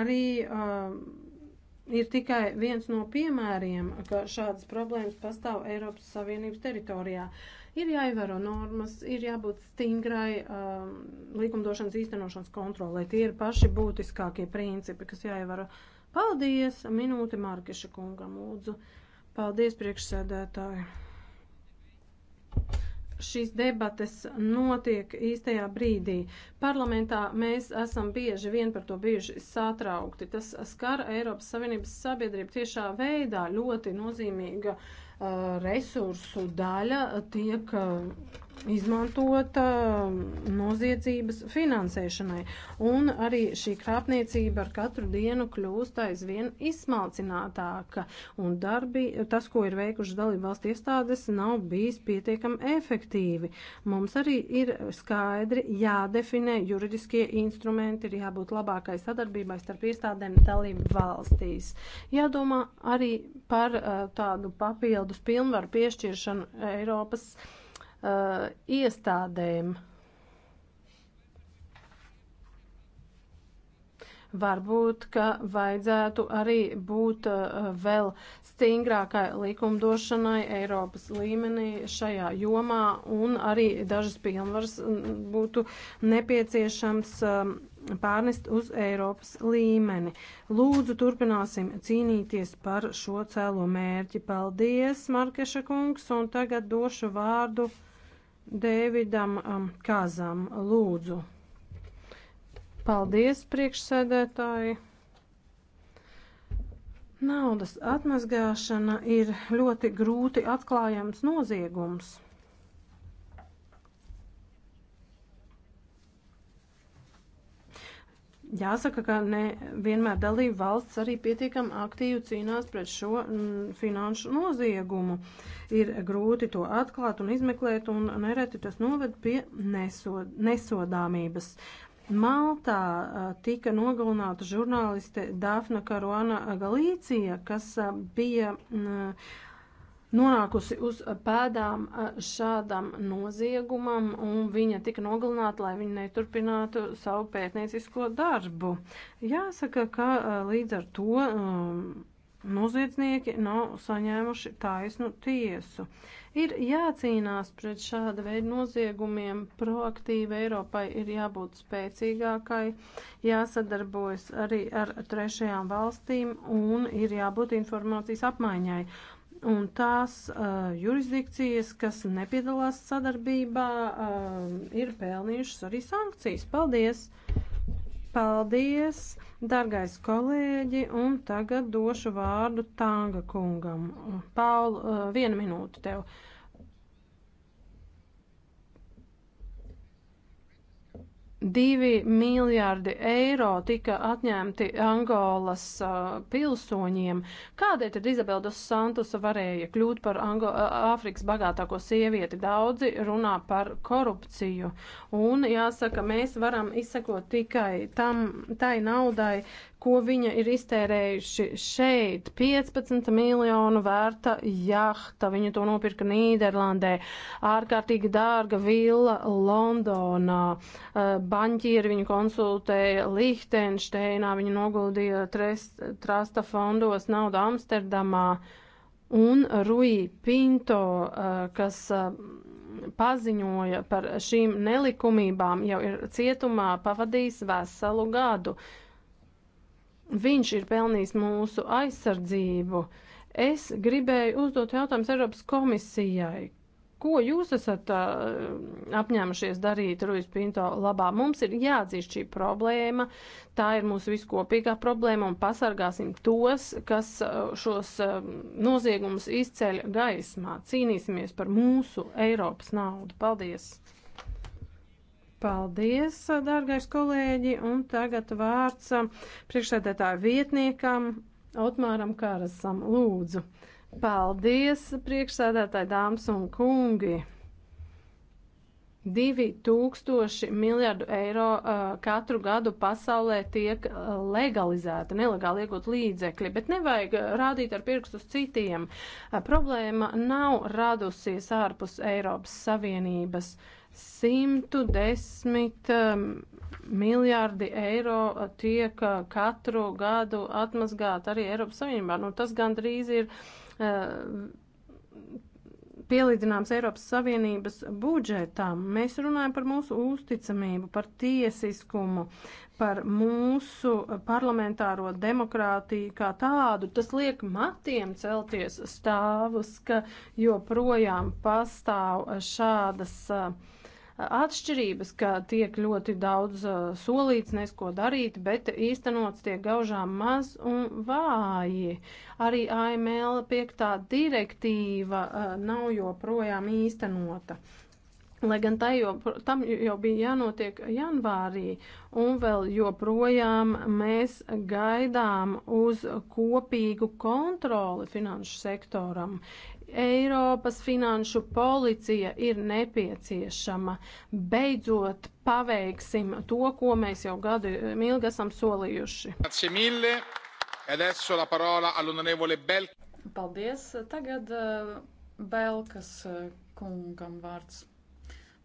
[SPEAKER 1] arī. Uh, ir tikai viens no piemēriem, ka šādas problēmas pastāv Eiropas Savienības teritorijā. Ir jāievēro normas, ir jābūt stingrai um, likumdošanas īstenošanas kontrolē. Tie ir paši būtiskākie principi, kas jāievēro. Paldies! Minūte Markeša kungam lūdzu. Paldies, priekšsēdētāji! šīs debates notiek īstajā brīdī. Parlamentā mēs esam bieži vien par to bijuši satraukti. Tas skar Eiropas Savienības sabiedrību tiešā veidā ļoti nozīmīga uh, resursu daļa tiek. Uh, izmantota noziedzības finansēšanai. Un arī šī krāpniecība ar katru dienu kļūst aizvien izsmalcinātāka. Un darbi, tas, ko ir veikušas dalību valsts iestādes, nav bijis pietiekami efektīvi. Mums arī ir skaidri jādefinē juridiskie instrumenti, ir jābūt labākai sadarbībai starp iestādēm dalību valstīs. Jādomā arī par uh, tādu papildus pilnvaru piešķiršanu Eiropas. Uh, uh, iestādēm. Varbūt, ka vajadzētu arī būt uh, vēl stingrākai likumdošanai Eiropas līmenī šajā jomā un arī dažas pilnvaras mm, būtu nepieciešams um, pārnest uz Eiropas līmeni. Lūdzu, turpināsim cīnīties par šo cēlo mērķi. Paldies, Markeša kungs, un tagad došu vārdu. Dēvidam um, Kāzam. Lūdzu. Paldies, priekšsēdētāji. Naudas atmazgāšana ir ļoti grūti atklājams noziegums. Jāsaka, ka ne vienmēr dalība valsts arī pietiekam aktīvi cīnās pret šo m, mm, finanšu noziegumu. Ir grūti to atklāt un izmeklēt, un nereti tas noved pie nesod, nesodāmības. Maltā tika nogalināta žurnāliste Dāfna Karuana Galīcija, kas bija m, mm, nonākusi uz pēdām šādam noziegumam, un viņa tika nogalināta, lai viņa neturpinātu savu pētniecisko darbu. Jāsaka, ka līdz ar to um, noziedznieki nav saņēmuši taisnu tiesu. Ir jācīnās pret šāda veida noziegumiem, proaktīvi Eiropai ir jābūt spēcīgākai, jāsadarbojas arī ar trešajām valstīm un ir jābūt informācijas apmaiņai un tās uh, jurisdikcijas, kas nepiedalās sadarbībā, uh, ir pelnījušas arī sankcijas. Paldies! Paldies, dargais kolēģi, un tagad došu vārdu Tanga kungam. Paul, uh, vienu minūti tev. Uh, 2 miljārdi eiro tika atņemti Angolas uh, pilsoņiem. Kādēļ tad Izabela dos Santusa varēja kļūt par Ango Āfrikas bagātāko sievieti? Daudzi runā par korupciju. Un jāsaka, mēs varam izsekot tikai tam, tai naudai, ko viņa ir iztērējuši šeit. 15 miljonu vērta jahta, viņa to nopirka Nīderlandē, ārkārtīgi dārga villa Londonā, eh, baņķieri viņu konsultēja Lihtenšteinā, viņa noguldīja trest, trasta fondos naudu Amsterdamā. Un Rui Pinto, eh, kas eh, paziņoja par šīm nelikumībām, jau ir cietumā pavadījis veselu gadu. Uh, Viņš ir pelnījis mūsu aizsardzību. Es gribēju uzdot jautājumus Eiropas komisijai. Ko jūs esat uh, apņēmušies darīt Rujas Pinto labā? Mums ir jāatzīst šī problēma, tā ir mūsu viskopīgā problēma un pasargāsim tos, kas uh, šos uh, noziegumus izceļ gaismā. Cīnīsimies par mūsu Eiropas naudu. Paldies! Paldies, dārgais kolēģi, un tagad vārds priekšsēdētāju vietniekam Otmāram Kārasam. Lūdzu. Paldies, priekšsēdētāji dāmas un kungi. 2000 miljardu eiro uh, katru gadu pasaulē tiek uh, legalizēta, nelegāli iegūt līdzekļi, bet nevajag rādīt ar pirkstu uz citiem. Uh, problēma nav radusies ārpus Eiropas Savienības. Uh, 110 um, miljārdi eiro tiek uh, katru gadu atmazgāti arī Eiropas Savienībā. Nu, tas gandrīz ir uh, pielīdzināms Eiropas Savienības budžetam. Mēs runājam par mūsu uzticamību, par tiesiskumu, par mūsu parlamentāro demokrātiju kā tādu. Tas liek matiem celties stāvus, ka joprojām pastāv šādas uh, atšķirības, ka tiek ļoti daudz uh, solīts, nesko darīt, bet īstenots tiek gaužām maz un vāji. Arī AML 5. direktīva uh, nav joprojām īstenota. Lai gan tai jau, tam jau bija jānotiek janvārī, un vēl joprojām mēs gaidām uz kopīgu kontroli finanšu sektoram. Eiropas finanšu policija ir nepieciešama. Beidzot, paveiksim to, ko mēs jau gadu ilgi esam solījuši. Paldies. Tagad eh,
[SPEAKER 2] Belkas eh, kungam vārds.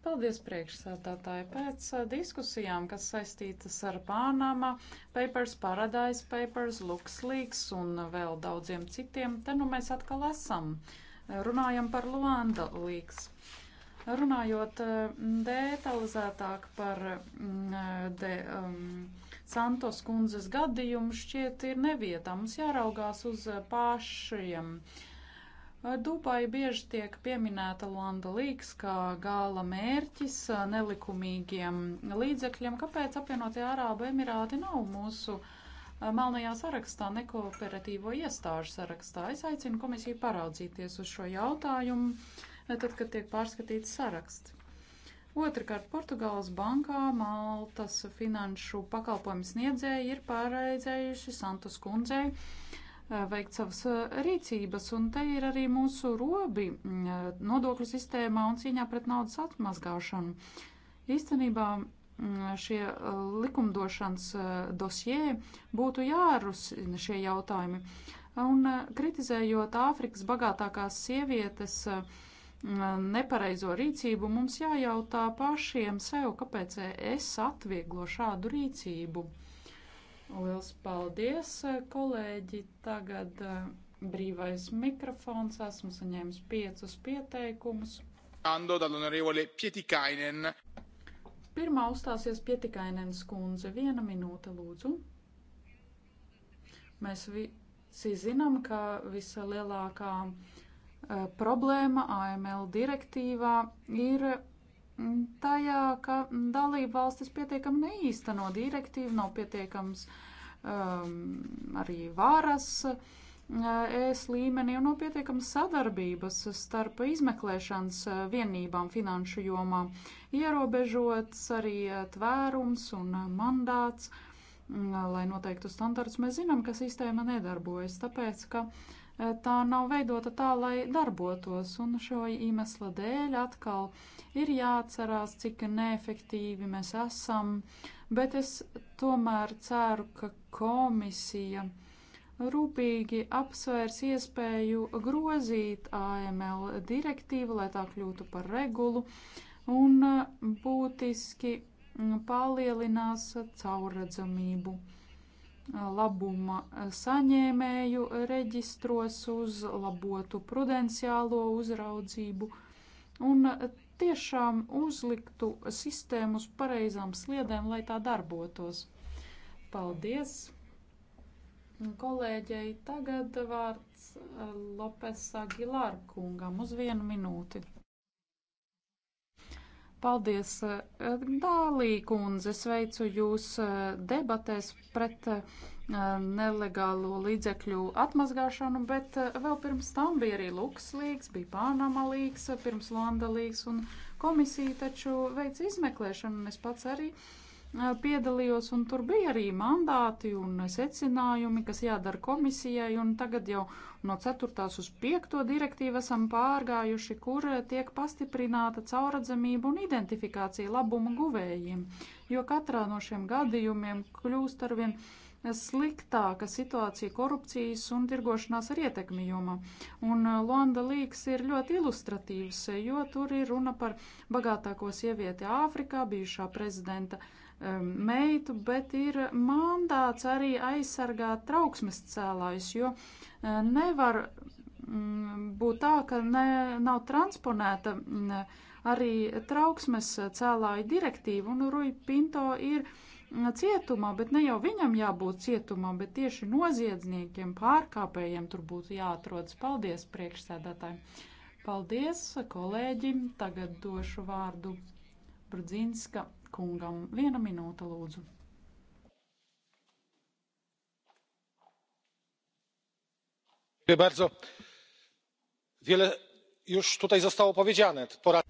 [SPEAKER 2] Paldies priekšsēdētāji. Pēc eh, diskusijām, kas saistītas ar Pānama, Papers, Paradise Papers, LuxLeaks un vēl daudziem citiem, te nu mēs atkal esam. Uh, Runājam par Luanda līgas. Runājot mm, detalizētāk par mm, de, um, Santos kundzes gadījumu, šķiet ir nevietā. Mums jāraugās uz pašiem. Dubai bieži tiek pieminēta Luanda Līgs kā gala mērķis nelikumīgiem līdzekļiem. Kāpēc apvienotie Arābu Emirāti nav mūsu uh, melnajā sarakstā, nekooperatīvo iestāžu sarakstā. Es aicinu komisiju paraudzīties uz šo jautājumu, tad, kad tiek pārskatīts saraksts. Otrakārt, Portugāles bankā Maltas finanšu pakalpojumu sniedzēji ir pārreizējuši Santos kundzei veikt savas rīcības, un te ir arī mūsu robi nodokļu sistēmā un cīņā pret naudas atmazgāšanu. Īstenībā Mm, šie uh, likumdošanas uh, dosie būtu jārusina šie jautājumi. Un uh, kritizējot Āfrikas bagātākās sievietes mm, nepareizo rīcību, mums jājautā pašiem sev, kāpēc es atvieglo šādu rīcību. Liels paldies, kolēģi! Tagad brīvais mikrofons. Esmu saņēmis piecus pieteikumus.
[SPEAKER 3] Ando dall'onorevole Pietikainen.
[SPEAKER 2] Pirmā uzstāsies pietikainens kundze. Viena minūte, lūdzu. Mēs visi zinām, ka visa lielākā eh, problēma AML direktīvā ir mm, tajā, ka dalība valstis pietiekami neīsteno direktīvu, nav pietiekams um, arī varas. Uh, ES līmenī un nav pietiekams sadarbības starp izmeklēšanas vienībām finanšu jomā. Ierobežots arī tvērums un mandāts, mm, lai noteiktu standarts. Mēs zinām, ka sistēma nedarbojas, tāpēc, ka tā nav veidota tā, lai darbotos, un šo iemesla dēļ atkal ir jāatcerās, cik neefektīvi mēs esam, bet es tomēr ceru, ka komisija uh, rūpīgi apsvērs iespēju grozīt AML direktīvu, lai tā kļūtu par regulu, un uh, būtiski mm, palielinās caurredzamību uh, labuma saņēmēju reģistros uz labotu prudenciālo uzraudzību un uh, tiešām uzliktu sistēmu uz pareizām sliedēm, lai tā darbotos. Paldies! kolēģei. Tagad vārds eh, Lopesa Gilāra kungam uz vienu minūti. Paldies, eh, Dālī kundze, sveicu jūs eh, debatēs pret nelegālo līdzekļu atmazgāšanu, bet vēl pirms tam bija arī Lukslīgs, bija Pānama līgs, pirms Landa līgs, un komisija taču veica izmeklēšanu, un es pats arī uh, Eh, piedalījos, un tur bija arī mandāti un secinājumi, kas jādara komisijai, un tagad jau no 4. uz 5. direktīvu esam pārgājuši, kur eh, tiek pastiprināta cauradzamība un identifikācija labumu guvējiem, jo katrā no šiem gadījumiem kļūst arvien sliktāka situācija korupcijas un tirgošanās ar ietekmi jomā. Un eh, Londa Līks ir ļoti ilustratīvs, jo tur ir runa par bagātāko sievieti Āfrikā, bijušā prezidenta uh, Um, meitu, bet ir mandāts arī aizsargāt trauksmes cēlājus, jo uh, nevar mm, būt tā, ka ne, nav transponēta mm, arī trauksmes cēlāju direktīva, un Rui Pinto ir mm, cietumā, bet ne jau viņam jābūt cietumā, bet tieši noziedzniekiem, pārkāpējiem tur būtu jāatrodas. Paldies priekšsēdētājiem! Paldies kolēģim! Tagad došu vārdu Brudzinska kungam. Viena minūte, lūdzu.
[SPEAKER 3] Wiele już tutaj zostało powiedziane. Pora...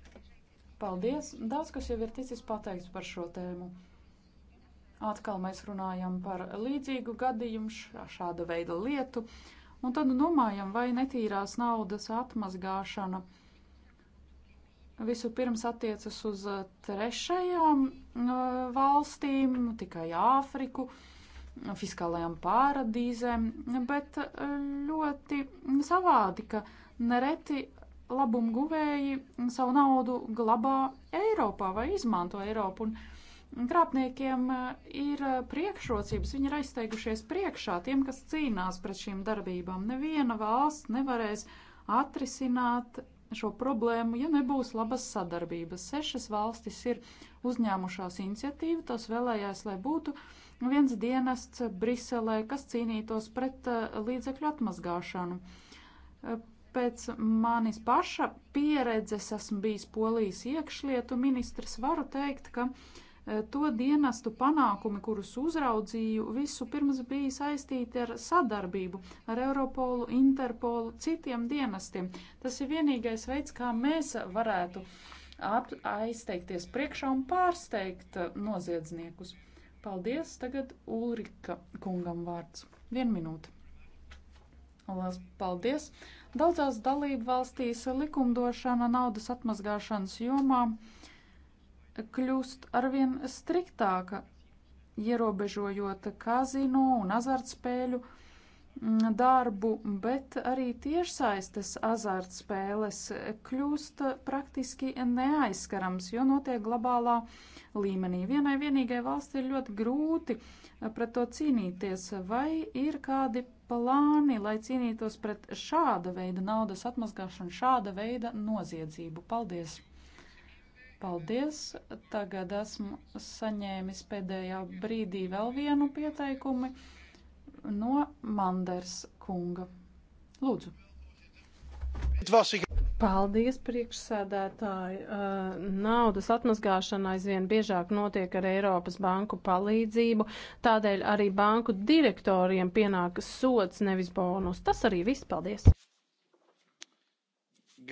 [SPEAKER 2] Paldies! Daudz kas jau ir ticis pateikts par šo tēmu. Atkal mēs runājam par līdzīgu gadījumu, šāda veida lietu, un tad nu, domājam, vai netīrās naudas atmazgāšana uh, vispirms attiecas uz uh, trešajām uh, valstīm, nu, tikai Āfriku, fiskālajām pāradīzēm, bet uh, ļoti savādi, ka nereti labumu guvēji savu naudu glabā Eiropā vai izmanto Eiropu. Un krāpniekiem ir priekšrocības, viņi ir aizteigušies priekšā tiem, kas cīnās pret šīm darbībām. Neviena valsts nevarēs atrisināt šo problēmu, ja nebūs labas sadarbības. Sešas valstis ir uzņēmušās iniciatīvu, tās vēlējās, lai būtu viens dienests Briselē, kas cīnītos pret eh, līdzekļu atmazgāšanu. Eh, pēc manis paša pieredzes esmu bijis polijas iekšlietu ministrs, varu teikt, ka uh, Eh, to dienestu panākumi, kurus uzraudzīju, visu pirms bija saistīti ar sadarbību ar Europolu, Interpolu, citiem dienestiem. Tas ir vienīgais veids, kā mēs varētu ap, aizteikties priekšā un pārsteigt eh, noziedzniekus. Paldies, tagad Ulrika kungam vārds. Vienu minūti. Lielas paldies! Daudzās dalību valstīs likumdošana naudas atmazgāšanas jomā uh, kļūst arvien striktāka, ierobežojot kazino un azartspēļu mm, darbu, bet arī tiešsaistes azartspēles kļūst praktiski neaizskarams, jo notiek globālā līmenī. Vienai vienīgai valsts ir ļoti grūti eh, pret to cīnīties, vai ir kādi plāni, lai cīnītos pret šāda veida naudas atmazgāšanu, šāda veida noziedzību. Paldies! Paldies! Tagad esmu saņēmis pēdējā brīdī vēl vienu pieteikumu no Manders
[SPEAKER 1] kunga. Lūdzu! Paldies, priekšsēdētāji. Uh, naudas atmazgāšana aizvien biežāk notiek ar Eiropas banku palīdzību, tādēļ arī banku direktoriem pienākas sots, nevis bonus. Tas arī viss. Paldies!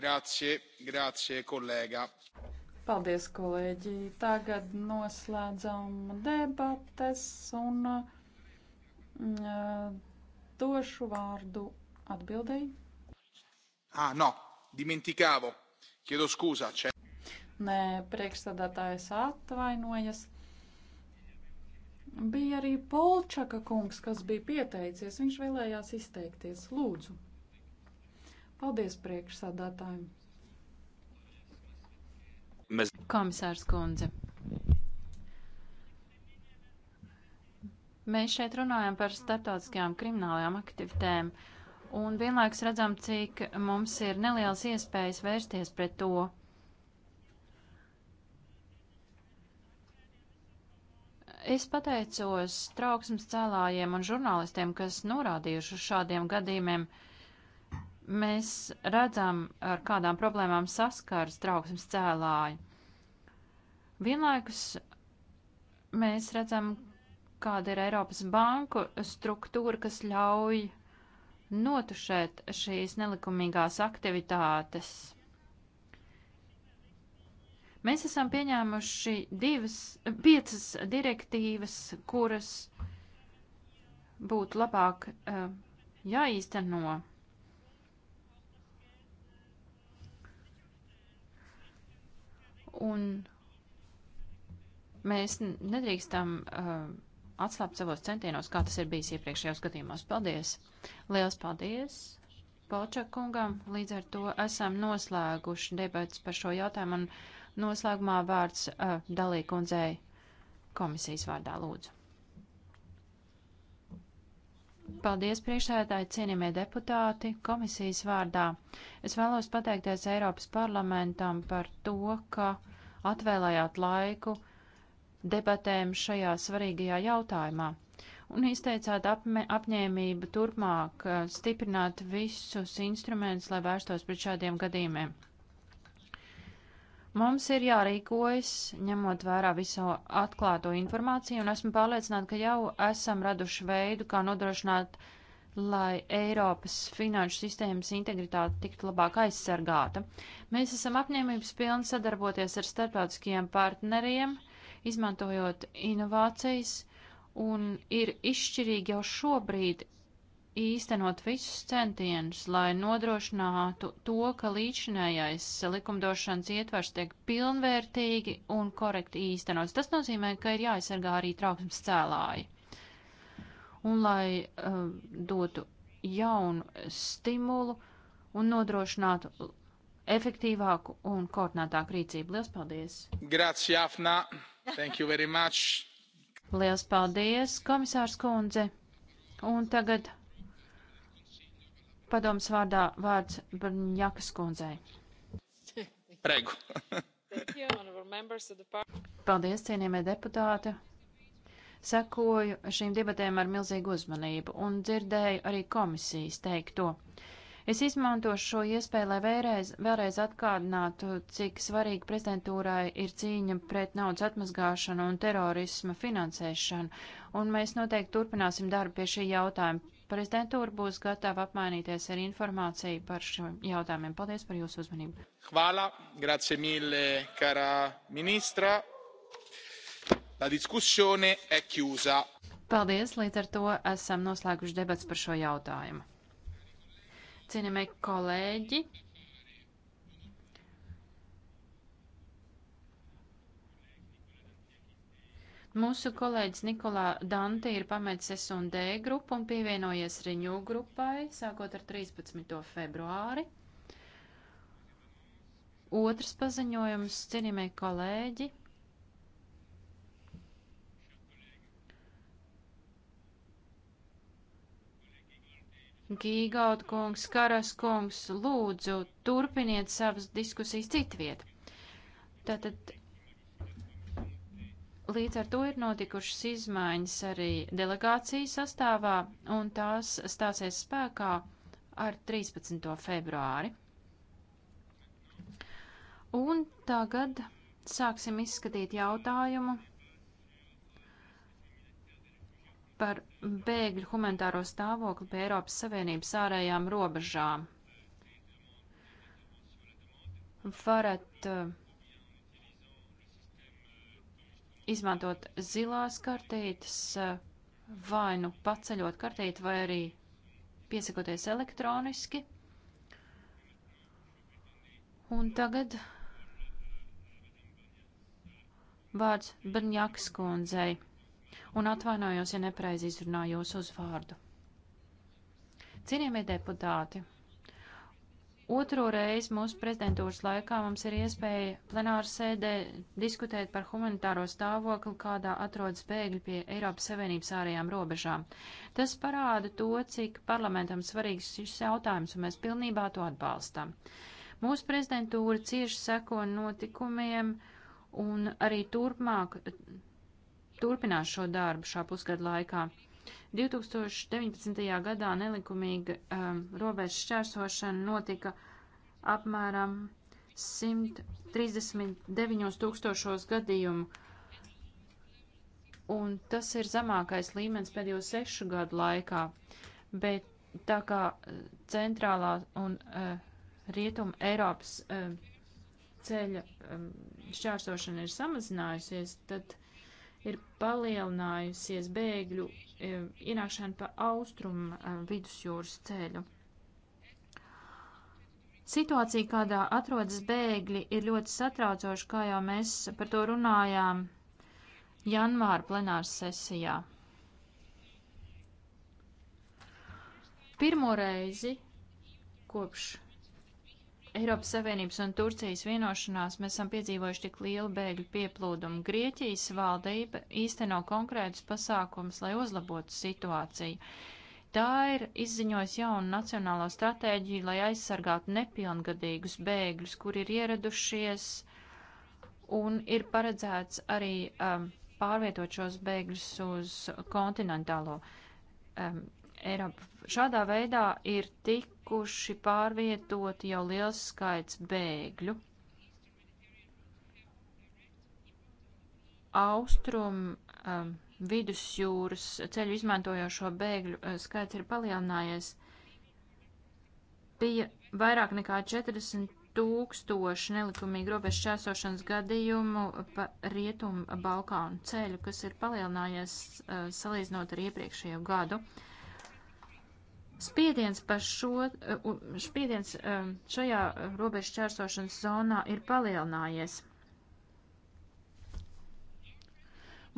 [SPEAKER 3] Grazie, grazie, kolēga.
[SPEAKER 1] Paldies, kolēģi. Tagad noslēdzam
[SPEAKER 2] debates un mm, eh, došu vārdu atbildēji.
[SPEAKER 3] Ah, no, dimenticavo. Chiedo scusa. C'è...
[SPEAKER 2] Nē, priekšstādātājs atvainojas. Bija arī Polčaka kungs, kas bija pieteicies. Viņš vēlējās izteikties. Lūdzu. Paldies priekšsādātājiem. Mēs...
[SPEAKER 3] Komisārs Kundze. Mēs šeit runājam par starptautiskajām kriminālajām aktivitēm un vienlaikus redzam, cik mums ir nelielas iespējas vērsties pret to. Es pateicos trauksmes cēlājiem un žurnālistiem, kas norādījuši uz šādiem gadījumiem. Uh, Mēs redzam, ar kādām problēmām saskaras trauksmes cēlāji. Vienlaikus mēs redzam, kāda ir Eiropas banku struktūra, kas ļauj notušēt šīs nelikumīgās aktivitātes. Mēs esam pieņēmuši divas, piecas direktīvas, kuras būtu labāk uh, jāīsteno. Ja Un mēs nedrīkstam uh, atslābt savos centienos, kā tas ir bijis iepriekšējos gadījumos. Paldies! Liels paldies! Polčakungam. Līdz ar to esam noslēguši debats par šo jautājumu un noslēgumā vārds uh, dalīkundzei komisijas vārdā lūdzu. Paldies, priekšsēdētāji, cienījamie deputāti, komisijas vārdā. Es vēlos pateikties Eiropas parlamentam par to, ka atvēlējāt laiku debatēm šajā svarīgajā jautājumā un izteicāt apme, apņēmību turpmāk eh, stiprināt visus instrumentus, lai vērstos pret šādiem gadījumiem. Mums ir jārīkojas, ņemot vērā visu atklāto informāciju, un esmu pārliecināta, ka jau esam raduši veidu, kā nodrošināt, lai Eiropas finanšu sistēmas integritāte tiktu labāk aizsargāta. Mēs esam apņēmības pilni sadarboties ar starptautiskajiem partneriem, izmantojot inovācijas, un ir izšķirīgi jau šobrīd īstenot visus centienus, lai nodrošinātu to, ka līdzinājais likumdošanas ietvars tiek pilnvērtīgi un korekti īstenots. Tas nozīmē, ka ir jāaizsargā arī trauksmes cēlāji. Un lai uh, dotu jaunu stimulu un nodrošinātu efektīvāku un koordinētāku rīcību. Lielas paldies! Grazie, Afna! Thank you very much! Lielas paldies, komisārs kundze! Un tagad padomas vārdā vārds Brņakas kundzei. Pregu. Paldies, cienījamie deputāti. Sekoju šīm debatēm ar milzīgu uzmanību un dzirdēju arī komisijas teikto. Es izmantošu šo iespēju, lai vēlreiz, vēlreiz atkārdinātu, cik svarīgi prezidentūrai ir cīņa pret naudas atmazgāšanu un terorisma finansēšanu, un mēs noteikti turpināsim darbu pie šī jautājuma. Prezidentūra būs gatava apmainīties ar informāciju par šiem jautājumiem. Paldies par jūsu uzmanību. Hvala, grazie mille, cara ministra. La diskusione è chiusa. Paldies, līdz ar to esam noslēguši debats par šo jautājumu. Cienījamie kolēģi, Mūsu kolēģis Nikolā Dante ir pametis S&D grupu un pievienojies Riņū grupai, sākot ar 13. februāri. Otrs paziņojums, cienījamie kolēģi. Gīgaut kungs, Karas kungs, lūdzu, turpiniet savas diskusijas citviet. Tātad Līdz ar to ir notikušas izmaiņas arī delegāciju sastāvā, un tās stāsies spēkā ar 13. februāri. Un tagad sāksim izskatīt jautājumu par bēgļu humanitāro stāvokli pie Eiropas Savienības ārējām robežām. Varat uh, izmantot zilās kartītes, vai nu paceļot kartīti, vai arī piesakoties elektroniski. Un tagad vārds Brņāks kundzei, un atvainojos, ja nepareizi izrunāju jūsu uzvārdu. Cienījamie deputāti! Otro reizi mūsu prezidentūras laikā mums ir iespēja plenāru sēdē diskutēt par humanitāro stāvokli, kādā atrodas bēgļi pie Eiropas Savienības ārējām robežām. Tas parāda to, cik parlamentam svarīgs šis jautājums, un mēs pilnībā to atbalstam. Mūsu prezidentūra cieši seko notikumiem un arī turpmāk turpinās šo darbu šā pusgada laikā. 2019. gadā nelikumīga um, robežas šķērsošana notika apmēram 139 tūkstošos gadījumu, un tas ir zemākais līmenis pēdējo sešu gadu laikā, bet tā kā uh, centrālā un uh, rietuma Eiropas uh, ceļa um, šķērsošana ir samazinājusies, tad ir palielinājusies bēgļu E, ienākšanu pa austrumu e, vidusjūras ceļu. Situācija, kādā atrodas bēgļi, ir ļoti satraucoša, kā jau mēs par to runājām janvāra plenāras sesijā. Pirmo reizi kopš Eiropas Savienības un Turcijas vienošanās mēs esam piedzīvojuši tik lielu bēgļu pieplūdumu. Grieķijas valdība īsteno konkrētus pasākumus, lai uzlabotu situāciju. Tā ir izziņojusi jaunu nacionālo stratēģiju, lai aizsargātu nepilngadīgus bēgļus, kur ir ieradušies, un ir paredzēts arī um, pārvietot šos bēgļus uz kontinentālo um, Eiropa. Šādā veidā ir tikuši pārvietoti jau liels skaits bēgļu. Austrum um, vidusjūras ceļu izmantojošo bēgļu uh, skaits ir palielinājies. Bija vairāk nekā 40 tūkstoši nelikumīgi robežu šķērsošanas gadījumu pa rietumu Balkānu ceļu, kas ir palielinājies uh, salīdzinot ar iepriekšējo gadu. Uh, Spiediens par šo, eh, spiediens eh, šajā robežu čērsošanas zonā ir palielinājies.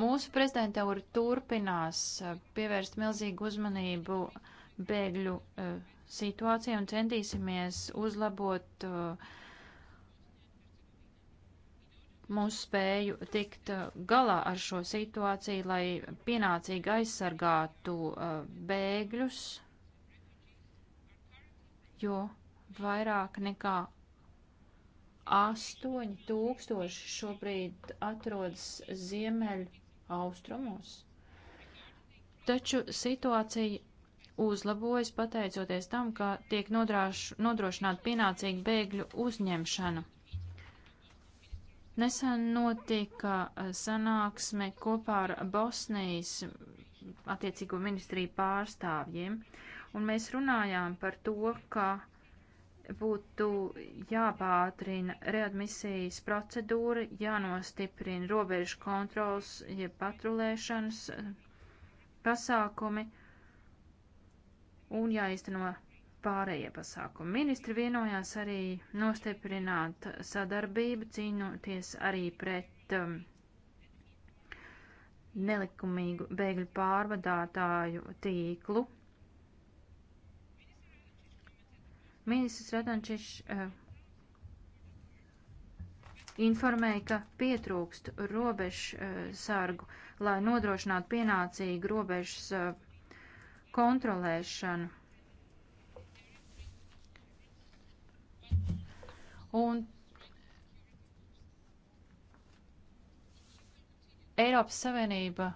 [SPEAKER 3] Mūsu prezidentūra turpinās eh, pievērst milzīgu uzmanību bēgļu situācijai un centīsimies uzlabot mūsu spēju tikt galā ar šo situāciju, lai pienācīgi aizsargātu bēgļus jo vairāk nekā 8000 šobrīd atrodas ziemeļu austrumos. Taču situācija uzlabojas pateicoties tam, ka tiek nodrošināta pienācīga bēgļu uzņemšana. Nesen notika eh, sanāksme kopā ar Bosnijas attiecīgo ministriju pārstāvjiem. Uh, Un mēs runājām par to, ka būtu jāpātrina readmisijas procedūra, jānostiprina robežu kontrols, jeb patrulēšanas eh, pasākumi un jāizteno pārējie pasākumi. Ministri vienojās arī nostiprināt sadarbību, cīnoties arī pret um, nelikumīgu bēgļu pārvadātāju tīklu Ministrs Radončišs uh, eh, informēja, ka pietrūkst robežu uh, eh, sargu, lai nodrošinātu pienācīgu robežas uh, kontrolēšanu. Un Eiropas Savienība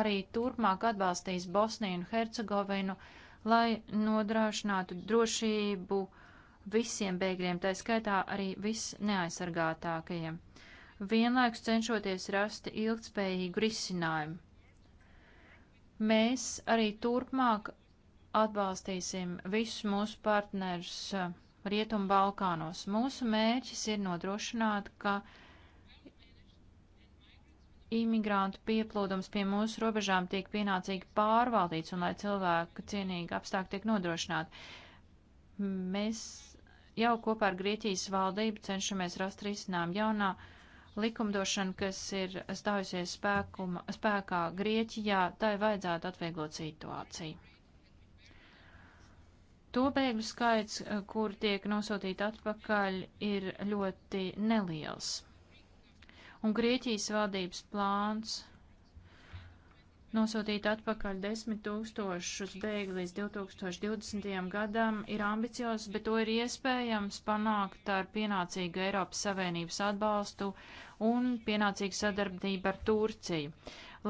[SPEAKER 3] arī turpmāk atbalstīs Bosniju un Hercegovinu, lai nodrošinātu drošību uh, visiem bēgļiem, tā skaitā arī visneaizsargātākajiem, vienlaikus cenšoties rast ilgtspējīgu risinājumu. Mēs arī turpmāk atbalstīsim visus mūsu partnerus uh, Rietumu Balkānos. Mūsu mērķis ir nodrošināt, ka imigrantu pieplūdums pie mūsu robežām tiek pienācīgi pārvaldīts un lai cilvēku cienīgi apstākļi tiek nodrošināti. Mēs Jau kopā ar Grieķijas valdību cenšamies rast risinām jaunā likumdošana, kas ir stājusies spēkuma, spēkā Grieķijā, tai vajadzētu atvieglot situāciju. To bēgļu skaits, kur tiek nosūtīti atpakaļ, ir ļoti neliels. Un Grieķijas valdības plāns Nosūtīt atpakaļ 10 tūkstošus bēgļu līdz 2020. gadam ir ambiciozs, bet to ir iespējams panākt ar pienācīgu Eiropas Savienības atbalstu un pienācīgu sadarbību ar Turciju.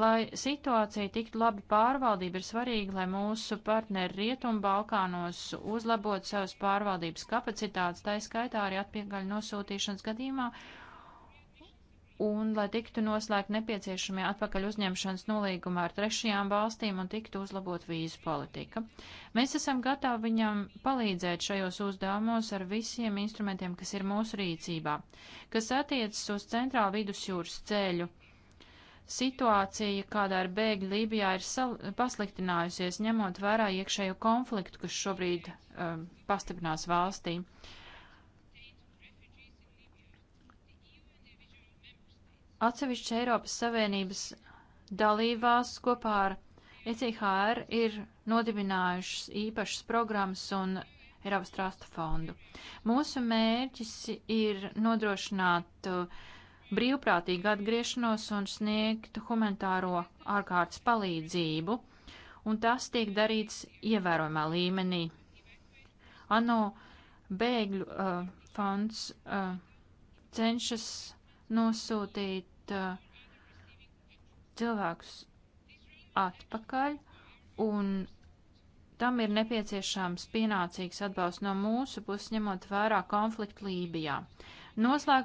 [SPEAKER 3] Lai situācija tiktu labi pārvaldība, ir svarīgi, lai mūsu partneri Rietumu Balkānos uzlabotu savas pārvaldības kapacitātes, tā skaitā arī atpakaļ nosūtīšanas gadījumā un lai tiktu noslēgt nepieciešamie atpakaļ uzņemšanas nolīgumā ar trešajām valstīm un tiktu uzlabot vīzu politika. Mēs esam gatavi viņam palīdzēt šajos uzdevumos ar visiem instrumentiem, kas ir mūsu rīcībā, kas attiecas uz centrālu vidusjūras ceļu. Situācija, kādā ir bēgļi Lībijā, ir pasliktinājusies, ņemot vērā iekšējo konfliktu, kas šobrīd um, pastiprinās valstī. Uh, Atsevišķi Eiropas Savienības dalībās kopā ar ECHR ir nodibinājušas īpašas programmas un Eiropas Trasta fondu. Mūsu mērķis ir nodrošināt uh, brīvprātīgu atgriešanos un sniegt humanitāro ārkārtas palīdzību, un tas tiek darīts ievērojumā līmenī. ANO bēgļu uh, fonds uh, cenšas nosūtīt atgriezt cilvēkus atpakaļ, un tam ir nepieciešams pienācīgs atbalsts no mūsu puses, ņemot vērā konfliktu Lībijā. Noslēgumā